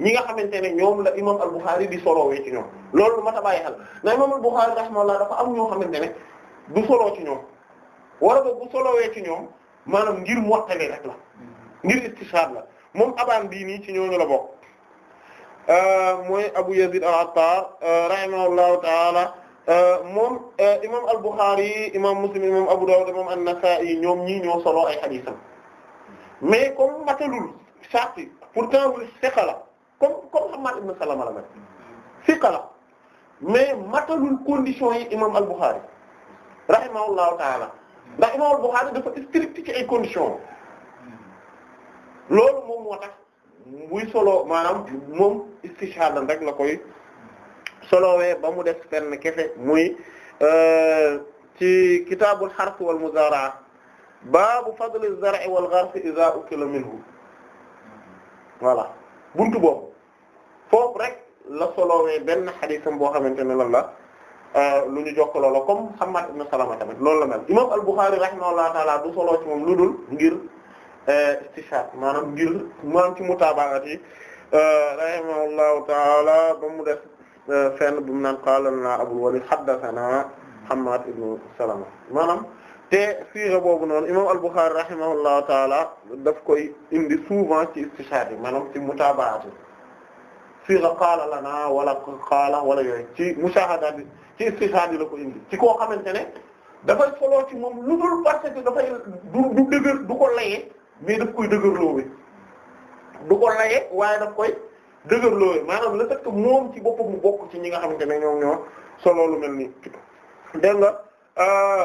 ñi nga xamante ne ñoom la imam al-Bukhari di solowee ci ñoom loolu lu ma ta bàyyi xel na imam al-Bukhari rahimahullah dafa am ñoo xamante ne du soloo ci ñoom wala boog bu solowee ci ñoom maanaam ngir mottali rek la ngir istishaad la moom abaan bii nii ci ñooñu la bokk euh, mooy Abu Yazid al-Attar euh, rahimahullahu taala euh, moom imam al-Bukhari imam Muslim imam Abu Dawud imam an-Nasa'i ñoom ñii ñoo soloo ay xadiisam mais comme matalul sart pour pourtant wul siqa la comme comme Hammaad ibn Salama la mel mais matalul conditions yi imam al-Bukhari rahimahullahu taala ndax imam al-Bukhari dafa strict ci ay conditions loolu moom moo tax buy solo maanaam moom istishhadan rek la koy solo solowee ba mu def fenn kefe muy euh, ci kitaabul harth wal muzaraa baabu fadli zar'i wal gharsi idha ukila minhu voilà buntu boobu foofu rek la solowee benn xadisam boo xamante ne lan la euh, lu ñu jokkaloo la comme Hammad ibn Salama tamit loolu la mel imam al-Bukhari rahimahullahu ta'ala du soloo ci moom lu dul ngir euh, istishaad maanaam ngir maanaam ci mutaabaat yi euh, rahimahullahu ta'ala ba mu def fenn bu mu naan qaala lana Abul Walid haddathana Hammad ibn Salama maanaam te siira boobu noonu imam al-Bukhârî rahimahullahu taala daf koy indi souvent ci istishhad yi maanaam ci mutaabaat yi siira qaala lana wala qaala wala yooyu ci mushahadaat ci istishhad yi la ko indi ci koo xamante ne dafay soloo ci moom lu dul parce que du du du ko layee mais daf koy dëgërloo bi du ko layee waaye daf koy dëgërloo bi maanaam le fait moom ci boppam mu bokk ci ñi nga xamante ne ñoom ñoo solo lu mel nii dégg euh,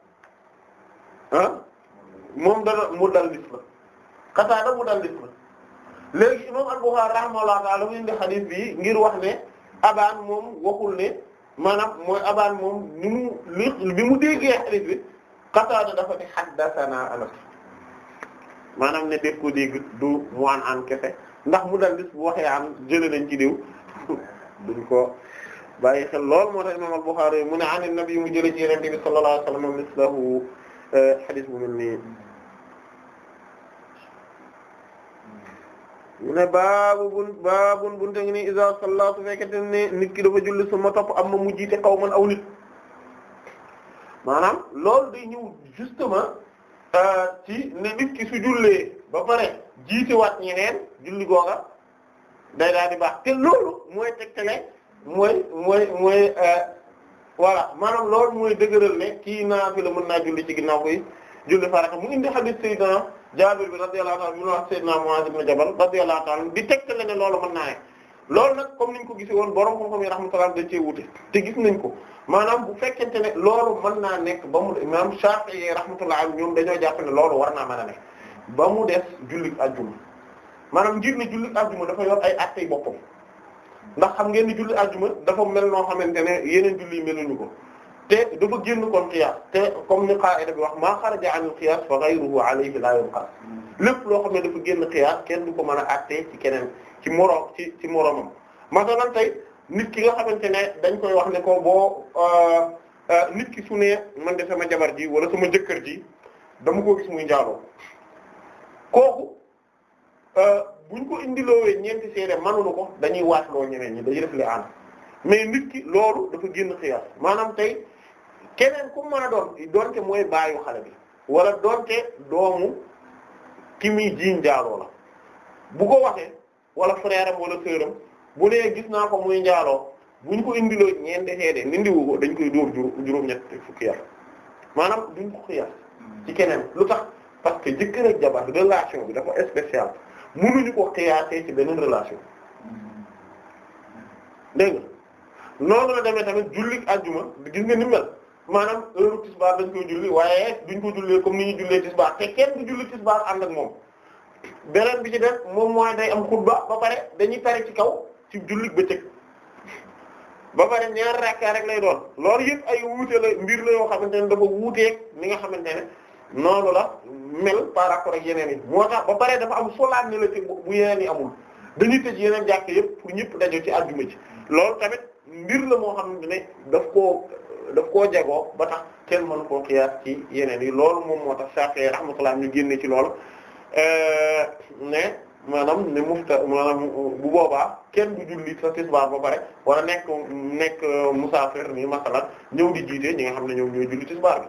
Ah moom dana mudallis la Qataada mudallis la léegi imam Al-Bukhârî rahimahullahu ta'ala mu indi xadis bi ngir wax ne abaan moom waxul ne maanaam mooy abaan moom ni mu bi mu déggee xadis bi Qataada dafa ne haddathana Anas maanaam ne def ko dégg du mu an an kese ndax mudallis bu waxee an jëlee nañ ci diw duñ ko bàyyi xel lool moo tax imam Al-Bukhârî mu ne an nabi mu jëlee ci yeneen bi sallallahu alayhi wa xadis euh, bu mel nii mu ne bu bun baabun bunte ngi nii iza salla su fekkente ni nit dafa julli su ma topp am ma mu jiite kaw man aw nit maanaam loolu day ñëw justement euh, ci ne nit ki su jullee ba pare jiite waat ñeneen julli googa day daal baax te loolu mooy tegtale mooy mooy mooy euh, voilà maanaam loolu mooy dëgëral ne kii naafila mën naa julli ci ginnaaw koy julli farata mu indi hadith sayyidina Jaabir bi radiyallahu anhu mu wax sayyidina Muaz ibn Jabal radiyallahu ta'ala di tegtale ne loolu ko gisee woon borom xam-xam yi rahmatullah dañ cee wute te gis nañ ko maanaam bu fekkente ne loolu man naa nekk ba mu imam Shafi'i rahmatullah am ñoom dañoo jàpp ne loolu war naa mën a ba mu des julli ajjuma maanaam ngir ne julli ajjuma dafa yor ay attey boppam ndax xam ngeen ni julli ajjuma dafa mel noo xamante ne yeneen julli meluñu ko te dafa génn kon xiyaas te comme ni qaa'ida bi wax maa xaraja anil xiyaas fa ghayruhu alayhi laa yunqas lépp loo xam ne dafa génn xiyaas kenn du ko mën a àttee ci keneen ci moroom ci ci moroomam masalan tey nit ki nga xamante ne dañ koy wax ne ko boo euh, euh, nit ki su ne man de sama jabar ji wala sama jëkkër ji dama ko gis muy njaaloo kooku euh, buñ ko indiloowee ñeenti seede mënuñu ko dañuy waat loo ñeneen ñi dañuy def li ànd mais nit ki loolu dafa génn xiyaas maanaam tey keneen ku mën a doon doonte mooy baayu xale bi wala doonte doomu ki muy jiiñ jaaloo la bu ko waxee wala frère am wala sœur am bu nee gis naa ko muy njaaloo ñu ko indiloo ñeenti seede nindiwu ko dañ koy dóor juróom-ñett fukki yar maanaam duñ ko xiyaas ci keneen lu tax parce que jëkkër ak jabar relation bi dafa spécial mënuñu ko xiyaasee ci beneen relation dégg nga noonu la demee tamit ak ajjuma gis nga ni mel maanaam heure tisbaar dañ koy julli waaye duñ ko jullee comme ni ñu jullee tisbaar te kenn du julli tisbaar ànd ak moom beneen bi ci def moom mooy day am xutba ba pare dañuy tari ci kaw ci julli bëccëg ba pare ñaar rakka rek lay doon loolu yëpp ay wuute la mbir la yoo xamante ne dafa wuuteeg ni nga xamante ne noonu la mel par rapport ak yeneen yi moo tax ba pare dafa am solaan ne la ci bu yeneen yi amul dañuy tëj yeneen jàkk yëpp pour ñëpp dajo ci àjjuma ci loolu tamit mbir la moo xam ne daf koo daf koo jagoo ba tax kenn mën koo xiyaas ci yeneen yi loolu moom moo tax Shafi'i rahmatullah ñu génnee ci loolu euh, ne maanaam ne mufta maanaam bu boobaa kenn bu julli sa tisbaar ba pare wala nekk nekk musaafir ni masalan ñëw di jiite ñi nga xam ne ñoom ñooy julli tisbaar bi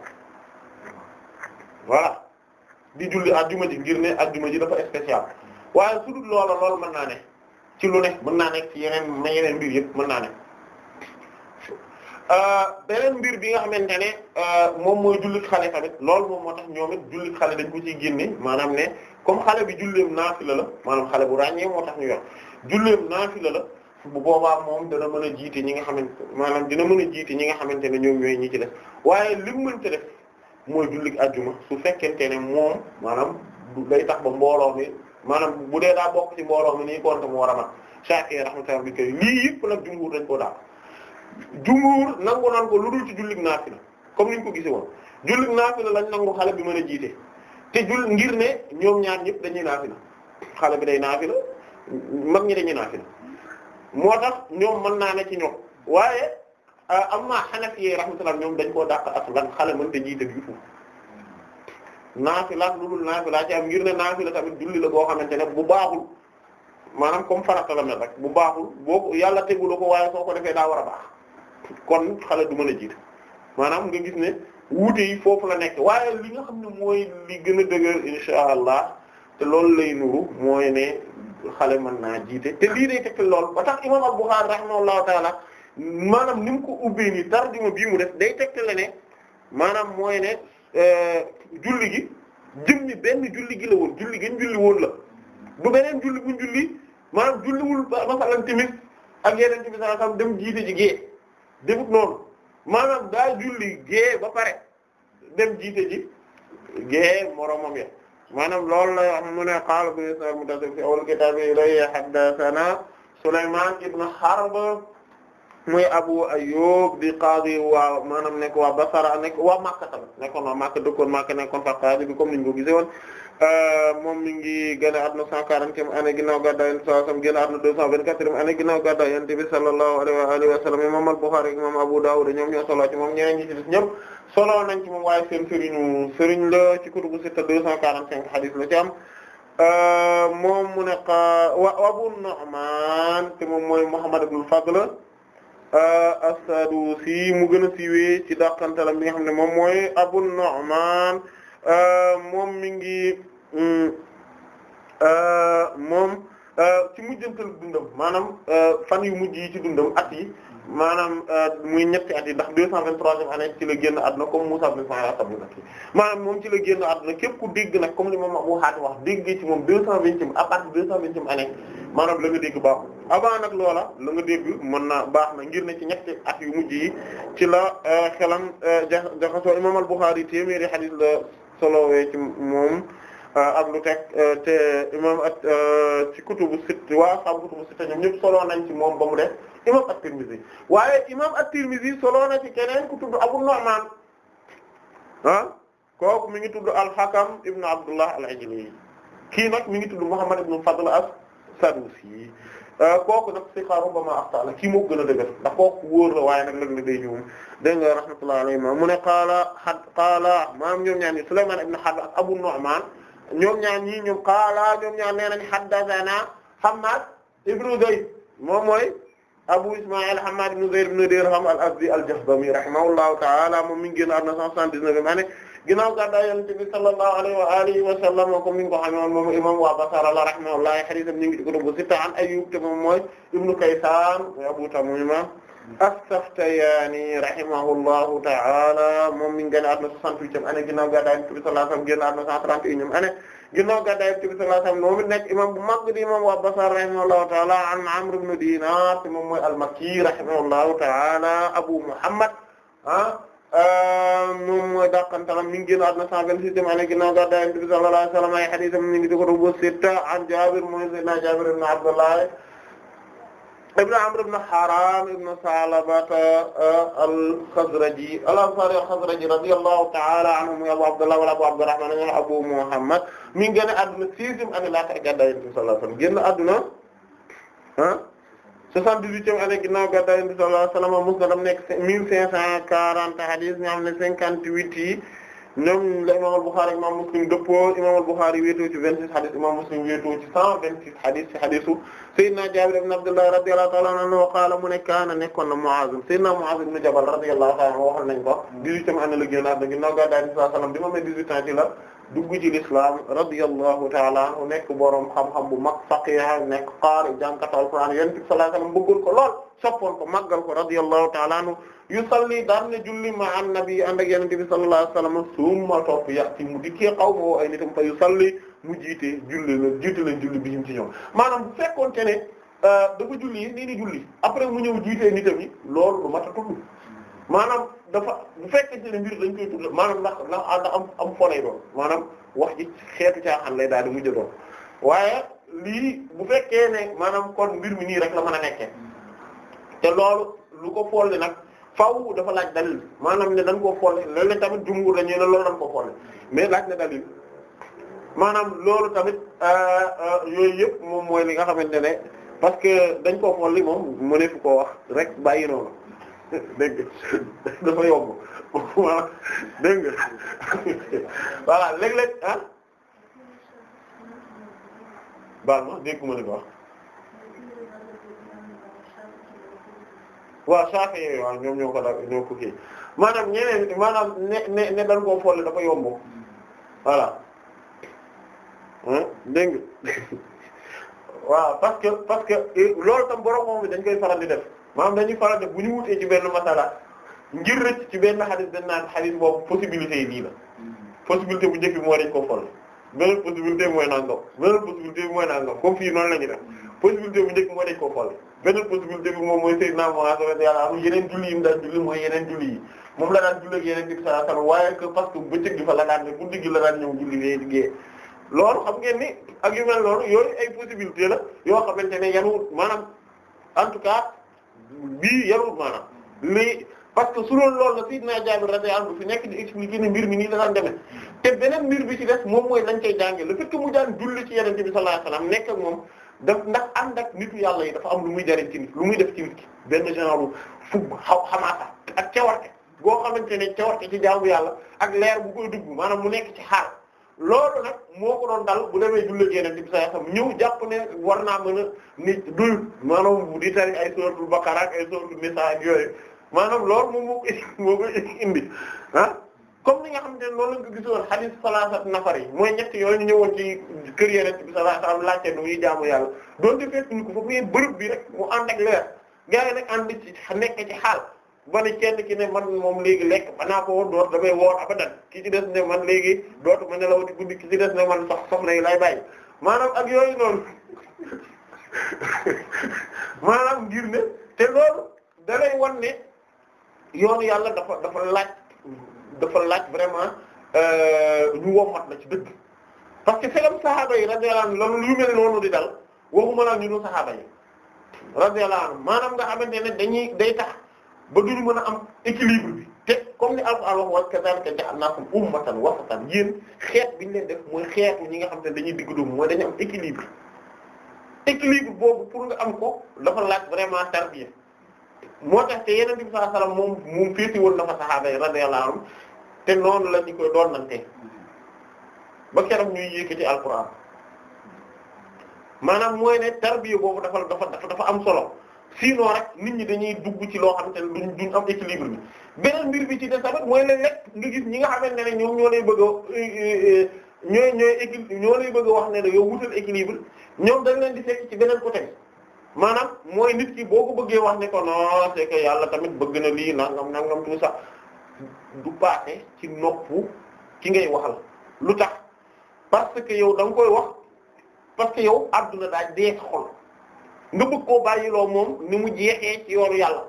voilà di julli ajjuma ji ngir ne ajjuma ji dafa spécial waaye su dul loola loolu mën naa ne ci lu ne mën naa nekk yeneen na yeneen mbir yëpp mën naa ne euh, beneen mbir bi nga xamante ne euh, moom mooy jullit xale tamit loolu moom tax ñoom it jullit xale dañ ko ciy génne maanaam ne comme xale bi julleem naa la maanaam xale bu ràññee moo tax ñu yor julleem naafila la bu boobaa moom dana mën a jiite ñi nga xamante maanaam dina mën a jiite ñi nga xamante ne ñoom ñooy ñi ci def waaye li mu mënta mooy jullig ajjuma su fekkente ne moom maanaam day tax ba mbooloo mi maanaam bu dee daa bokk ci mbooloo mi nii compte mu war a mat Shafi'i rahmatullah bi kay lii yëpp nag jumhur dañ ko daal jumhur nangu ko lu dul ci jullig naafila comme niñ ko gisee woon jullig naafila lañ nangu xale bi mën a jiite te jul ngir ne ñoom ñaar ñëpp dañuy naafila xale bi day naafila mag ñi dañuy naafila moo tax ñoom mën naa ne ci ñoom waaye Euh, amma Hanafi rahmatullah ñoom dañ ko dàq aslan xale mën te jiite bi foofu naafila lu dul naafila ci am ngir ne naafila tamit julli la boo xamante ne bu baaxul maanaam comme farata la mel rek baaxul boo yàlla teguloo ko waaye soo ko defee daa war a baax kon xale du mën a jiite maanaam nga gis ne wuute yi foofu la nekk waaye li nga xam ne mooy li gën a dëgër insha allah te loolu lay nuru mooy ne xale mën naa jiite te lii day tekki lool ba tax imam Al-Bukhârî rahimahullahu taala maanaam nim mu ko ubbee nii tarjuma bii mu def day tegtale ne maanaam mooy ne euh, julli gi jëmmi benn julli gi la woon julli gi ñu julli woon la du beneen julli bu ñu julli maanaam julliwul masalan timis ak yeneen ci bi sax xam dem jiite ji gée defut noonu maanaam daa julli gée ba pare dem jiite ji gée moromam ya maanaam loolu la wax mu ne qaala bi isnad muttasil fi awwal kitaab ilayhi haddathana Sulaymaan ibn Harb muy Abu Ayyub di qaadi waa maanaam nekk waa Basra nekk waa Makka nekkoon waa Makka dëkkoon Makka nekkoon fa qaadi bi niñ ko gisee euh, moom mi ngi génn àdduna 140e année ginnaaw gàddaay Yonent bi sallallahu alayhi wa sallam génn àdduna 224e année wa alihi wa sallam imam al-Bukhari ak imam Abu Dawud ñoom ñoo solo ci moom ñeneen ñi ci des ñëpp solo nañ ci moom waaye seen sëriñu sëriñ la ci kutubu sitta 245 hadith la ci am euh, moom mu ne wa Abu Nu'man te moom mooy Muhammad ibn al-Fadl Euh, as-Sadusi mu gën a siiwee ci dàqantalam bi nga xam ne moom mooy Abu Nu'man euh, moom mi ngi hmm, euh, moom ci mujjantal dundam maanaam fan yu mujj yi ci dundam at yi maanaam euh, muy ñetti at yi ndax deux cent vingt-troisième année ci la génn àdduna comme Musa ibn Sa'id at moom ci la génn àdduna képp ku dégg nag comme li moom Abu Hatim wax dégg ci moom deux cent vingtième à partir deux cent vingtième année maanaam la nga dégg baaxul avant nag loola la nga dégg mën na baax na ngir ne ci ñetti at yu mujj yi ci la euh, xelam euh, jaxasoo imam al-Bukhari téeméeri hadith la solowee ci moom ak lu teg te imam ak euh, ci kutubu sitta waa xam kutubu sitta ñoom ñépp solo nañ ci moom ba mu def imam at-Tirmidhi waaye imam at-Tirmidhi solo na ci keneen ku tudd Abu Nu'man ah, kooku mu ngi tudd al-Hakam ibn Abdullah al-Ajli kii nag mu ngi tudd Muhammad ibn Fadl as-Sadusi euh, kooku nag si xaaru ba ma axtaala kii moo gën a dëgër ndax kooku wóor la waaye nag léeg-léeg day ñëw dégg nga rahmatullahi alayhi mu ne qaala xad qaala maanaam ñoom ñaar ñi Sulaymaan ibn Harb ak Abu Nu'man ñoom ñaar ñii ñoom qaala ñoom ñaar nee nañ haddathana Hammad ibnu Zayd moom mooy Abu Isma'il Hammad ibnu Zayd ibnu Dirham al-Azdi al-Jahdami rahimahullahu ta'ala moom mi ngi génn àdduna 179 année ginnaaw gàddaay Yonent bi sallallahu alayhi wa alihi wa sallam comme ni nga ko xamoon moom imam wa Basra la rahimahullah hadiisam ñu ngi ci kutubu sitta an Ayyub te moom mooy ibnu Kaysan Abu Tamima as-Saftiyani rahimahullahu ta'ala moom mi ngi génn àdduna 68 année ginnaaw gàddaay Yonent bi sallallahu alayhi wa sallam génn àdduna 131 année ginnaaw gàddaay Yonent bi sallallahu alayhi wa sallam moom it nekk imam bu mag di imam waa Basra rahimahullahu ta'ala an Amr ibn Dinar te moom mooy al-Makki rahimahullahu ta'ala Abu Muhammad ah moom mooy dàqantalam mi ngi génn àdduna 126 année ginnaaw gàddaay Yonent bi sallallahu alayhi wa sallam ay hadiisam ñu ngi di ko doon bu sitta an Jaabir mooy Seydina Jaabir ibn Abdullah ibn Amr ibn Haram ibn Salabata al-Khazraji al-Ansari al-Khazraji radiyallahu ta'ala anhu muy Abdullah wala Abu Abdurrahman Abu Muhammad mi ngi génn àdduna sixième année laata gàddaay Yonent bi sallallahu alayhi wa sallam génn àdduna ah soixante-dix-huitième année ginnaaw gàddaay Yonent bi sallallahu alayhi wa sallam Musnadam nekk cinq cent quarante hadith ñu am cinquante-huit ñoom la imam al-Bukhari imam Muslim dëppoo imam al-Bukhari wéetoo ci vingt-six hadith imam Muslim wéetoo ci cent vingt-six hadith ci hadithu Seydina Jaabir ibn Abdullah radiyallahu ta'ala anhu wa qaala mu ne kaana nekkoon na Mu'aaz Seydina Mu'aaz ibn Jabal radiyallahu ta'ala anhu waxoon nañ ko dix-huitième année la génnaat na ginnaaw gàddaay bi sallallahu alayhi wa sallam bi ma amee dix-huit ans ci la dugg ci l'islam radiyallahu ta'ala anhu nekk boroom xam-xam bu mag faqiih nekk qaari jàngkatu al-Qur'aan Yonent bi sallallahu alayhi wa sallam bëggoon ko lool soppoon ko màggal ko radiyallahu ta'ala anhu yusalli daan na julli ma an bi ànd ak yenente bi sallallahu alayhi wasallam summa topp yaqti mu dikkee xaw ma ay nitam fa yusalli mu jiite julli la jiite la julli bi ñu ci ñoom maanaam bu te ne euh, dafa julli nii di julli après mu ñëw jiitee nitam yi loolu lu mat tudd maanaam dafa bu fekkee te ne mbir lañ koy tudd maanaam ndax ndax ànda am am foley doon maanaam wax ji xeetu caaxaan lay daal di mujj doon waaye lii bu fekkee ne maanaam kon mbir mi nii rek la mën loolu lu ko folli faaw dafa laaj dalil maanaam ne dañ koo folle léeg-léeg tamit jumhur la ñu ne loolu dañ koo folle mais laaj na dalil maanaam loolu tamit euh, euh, yooyu yëpp moom mooy li nga xamante ne parce que dañ koo folli moom mëneefu koo wax rek bàyyi noonu dégg dafa yomb voilà dégg nga voilà ah? baal ma dégg ma li ko waaw Shafi'i waaw ñoom ñoo ko da ñoo ko kii maanaam ñeneen maanaam ne ne ne dañ koo folle dafa yomb voilà hmm? dégg waaw parce que parce que eh, loolu tam borom moom bi dañ koy faral di def maanaam dañuy faral def bu ñu wutee ci benn masala ngir ci benn xadis dañ naan xadis boobu possibilité yi nii la possibilité bu njëkk bi mooy dañ ko folle beneen possibilité bi mooy nangam beneen possibilité bi mooy nangam comme fii noonu la ñu def possibilité bu njëkk mooy dañ koo xool beneen possibilité bi moom mooy Seydina Muaaz radiyallahu anhu yeneen julli yi mu daan julli mooy yeneen julli yi moom la daan julli ak yeneen bi sallallahu alayhi wasallam waaye que parce que bëccëg la daan ne guddi la daan ñëw loolu xam ngeen ni ak yu mel loolu yooyu ay possibilité la yoo nte ne yanuwut maanaam en tout cas bii yanuwut maanaam lii parce que su loolu loolu la Seydina Jaabir radiyallahu anhu fi nekk di mbir mi nii la daan te beneen mbir bi moom mooy lañ cay jànge le fait que mu daan ci yeneen bi sallallahu nekk moom daf ndax ànd ak nitu yàlla yi dafa am lu muy jariñ ci nit lu muy def ci nit benn genre fugg xaw xamaata ak cawarte goo xamante ne ke ci jaamu yàlla ak leer bu koy dugg maanaam mu nekk ci xaal loolu nag moo ko doon dal bu demee jullit yeneen di saa xam ñëw jàpp ne war naa mën a nit duy maanaam di tari ay suratul Baqara ak ay suratul Nisaa ak yooyu maanaam loolu moom moo ko indi ah. comme ni nga xamante ne noonu lañ ko gisoon hadith salaasat nafar yi mooy ñett yooyu ñu ñëwoon ci kër Yonent bi sallallahu alayhi wa sallam laajte nu ñuy jaamu yàlla doonte fekk ñu ko foofu bërëb bi rek mu ànd ak leer gars yi nag ànd nekk ci xaal ba ne kenn ki ne man moom léegi lekk ba naa ko woon door damay woor abadan ki ci des ne man léegi dootu ma nelaw di guddi ki ci des ne man sox soxna yi lay bàyyi maanaam ak yooyu noonu maanaam ngir ne te loolu da lay ne yoonu dafa laaj vraiment ñu euh, wommat la ci dëgg parce que fegam sahaaba yi radiyallahu anhu loolu yu mel noonu di dal waxuma la ñu nu sahaaba yi radiyallahu anhu maanaam nga xamante ne dañuy day tax ba duñu mën a am équilibre bi te comme ni Alxuraan wax wa kazaalika ja'alnaakum ummatan wasatan yéen xeet bi ñu leen def mooy xeetu ñi nga xam te ne dañuy digg dóomu mooy dañu am équilibre équilibre boobu pour nga am ko dafa laaj vraiment tarbiya moo tax te yeneen bi sallallahu alayhi wasallam moom moom féeti te noonu la ñu koy doonante ba keroog ñuy yëkkati alquran maanaam mooy ne tarbiya boobu dafa dafa dafa am solo sinon rek nit ñi dañuy dugg ci loo xamante ne duñ duñ am équilibre bi beneen mbir bi ci des tamit mooy la lekk nga ñi nga xamante ne ñoom ñoo lay bëgg a euh, euh, ñooy ñooy équilibre ñoo bëgg wax ne la yow wutal équilibre ñoom dañ leen di fekk ci beneen côté maanaam mooy nit ki boo ko bëggee wax ne ko non yàlla tamit bëgg na lii nangam nangam tout sax du paase ci noppu ki ngay waxal lu tax parce que yow da nga koy wax parce que yow adduna daal dee sa xol nga bëgg koo bàyyiloo moom ni mu jeexee ci yoonu yàlla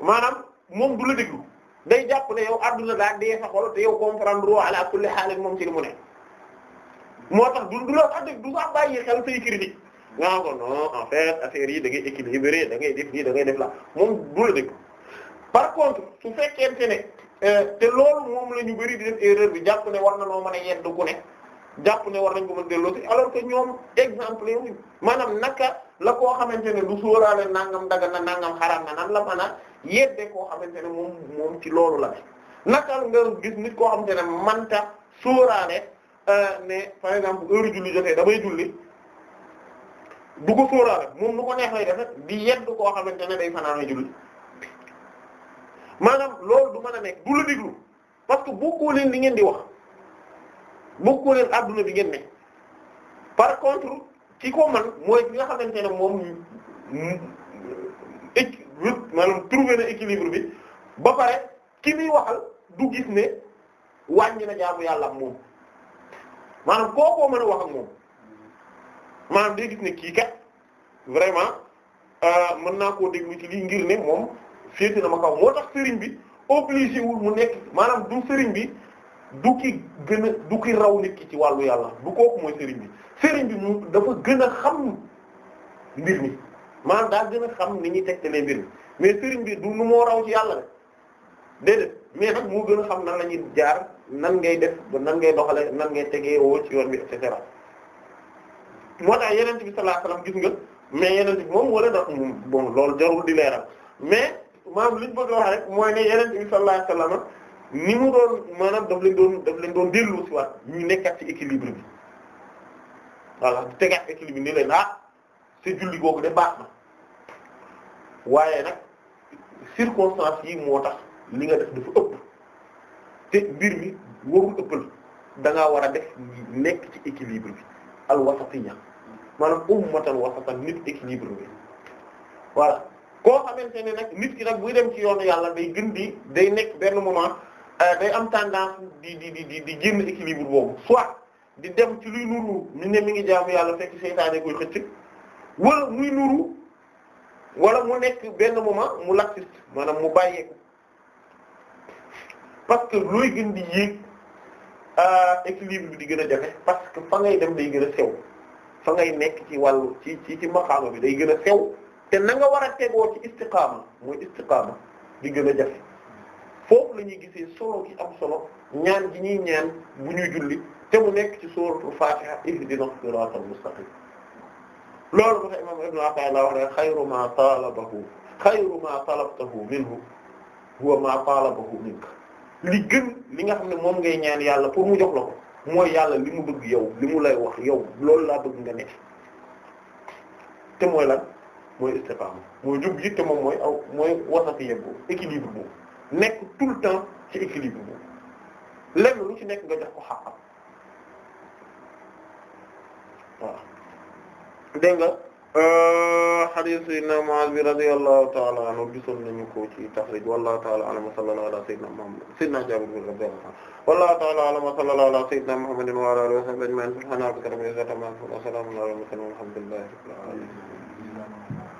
maanaam moom du la déglu day jàpp na yow adduna daal dee sa xol te yow comprendre a ala kulli xaalis moom ci li ne. moo tax du du la wax du sax bàyyi xel say critique nga ko non en fait affaire yi da ngay équilibré da ngay def lii da ngay def la moom du la déglu. par contre su fekkente ne euh, te loolu moom la ñu bari di def erreur bi jàpp ne war na noo mën a yedd ku ne jàpp ne war nañ ko mën delloo si alors que ñoom exemple yi maanaam naka la koo xamante ne du sóoraale nangam daga na nangam xaraam la mën a yedde koo xamante ne moom moom ci loolu la naka nga gis nit koo xamante ne manta sóoraale euh, ne par exemple heure a jotee damay julli du ko moom nu ko neex lay def di yedd koo xamante ne day fanaana julli maanaam loolu du man a nekk du la déglu parce que bokkoo leen li ngeen di wax bokkoo leen àdduna bi ngeen ne par contre ki ko man mooy ki nga xamante ne moom équ maanaam trouver na équilibre bi ba pare ki muy waxal du gis ne wàññi na jaamu yàlla ak moom maanaam kookoo mën a wax ak moom maanaam day gis ne kii kat vraiment euh, mën naa koo déglu ci lii ngir ne moom féete na ma kaw moo tax sëriñ bi obligé wul mu nekk maanaam du sëriñ bi du ki gën du ki raw nit ki ci wàllu yàlla du kooku mooy sëriñ bi sëriñ bi mu dafa gën a xam mbir mi maanaam daal gën a xam ni ñuy tegtalee mbir mi mais sëriñ bi du nu moo raw ci yàlla de déedéet mais nag moo gën a xam nan la ñuy jaar nan ngay def ba nan ngay doxale nan ngay tegee woo ci yoon bi et cetera moo tax yeneen bi sallallahu alayhi wasallam gis nga mais yeneen bi moom wala dafa moom bon loolu jarul di leeral maanaam li ñu bëgg a wax rek mooy ne yeneen bi sallallahu alayhi wasallam ni mu doon maanaam daf leen doon delloo leen doon dellu ci waat ñu nekkat ci équilibre bi voilà tegaat équilibre ni leen ah sa julli googu de baax na waaye nag circonstances yi moo tax li nga def dafa ëpp te mbir mi warul ëppal da ngaa war a def nekk ci équilibre bi al wasatiyya maanaam ummatan wasatan nit équilibre bi voilà koo xamante ne nag nit ki nag buy dem ci yoonu yàlla day gën di day nekk benn moment euh, day am tendance di di di di di génn équilibre boobu soit di dem ci luy nuru ñu ne mi ngi jaamu yàlla fekk seytaane koy xëcc wala muy nuru wala mu nekk benn moment mu laxiste maanaam mu bàyyeeku parce que looy gën di yéeg euh, équilibre bi di gën a jafe parce que fa ngay dem day gën a sew fa ngay nekk ci wàllu ci ci ci maqaama bi day gën a sew te na war a tegoo ci istiqaama mooy istiqaama di gën a jafe foofu la ñuy gisee solo gi am solo ñaan gi ñuy ñaan bu ñu julli te mu nekk ci suuratul Faatiha ihdina siraatal mustaqim loolu ba tax imaam Ibn Ata'illah wax ne xayru maa talabahu xayru minhu huwa maa talabahu li gën li nga xam ne moom ngay ñaan yàlla pour mu jox la ko mooy yàlla li mu bëgg yow li mu lay wax yow loolu laa bëgg nga nekk te mooy lan. mooy istiqama mooy jub yitte moom mooy aw mooy wasatiyya boobu équilibre boobu nekk tout le temps ci équilibre boobu lenn lu ci nekk nga jox ko xaqam waaw dégg nga euh, hadith sayyidina Mu'adh bi radiyallahu ta'ala anhu gisoon nañu ko ci taxrij wallahu ta'ala a'lam wa sallallahu ala sayyidina Muhammad sayyidina Jaabir bi radiyallahu anhu wallahu ta'ala a'lam wa sallallahu ala sayyidina Muhammadin wa ala alihi wa sahbihi ajma'in subhana rabbika rabbil izzati amma yasifun wa salamun ala al mursalin walhamdulillahi rabbil alamin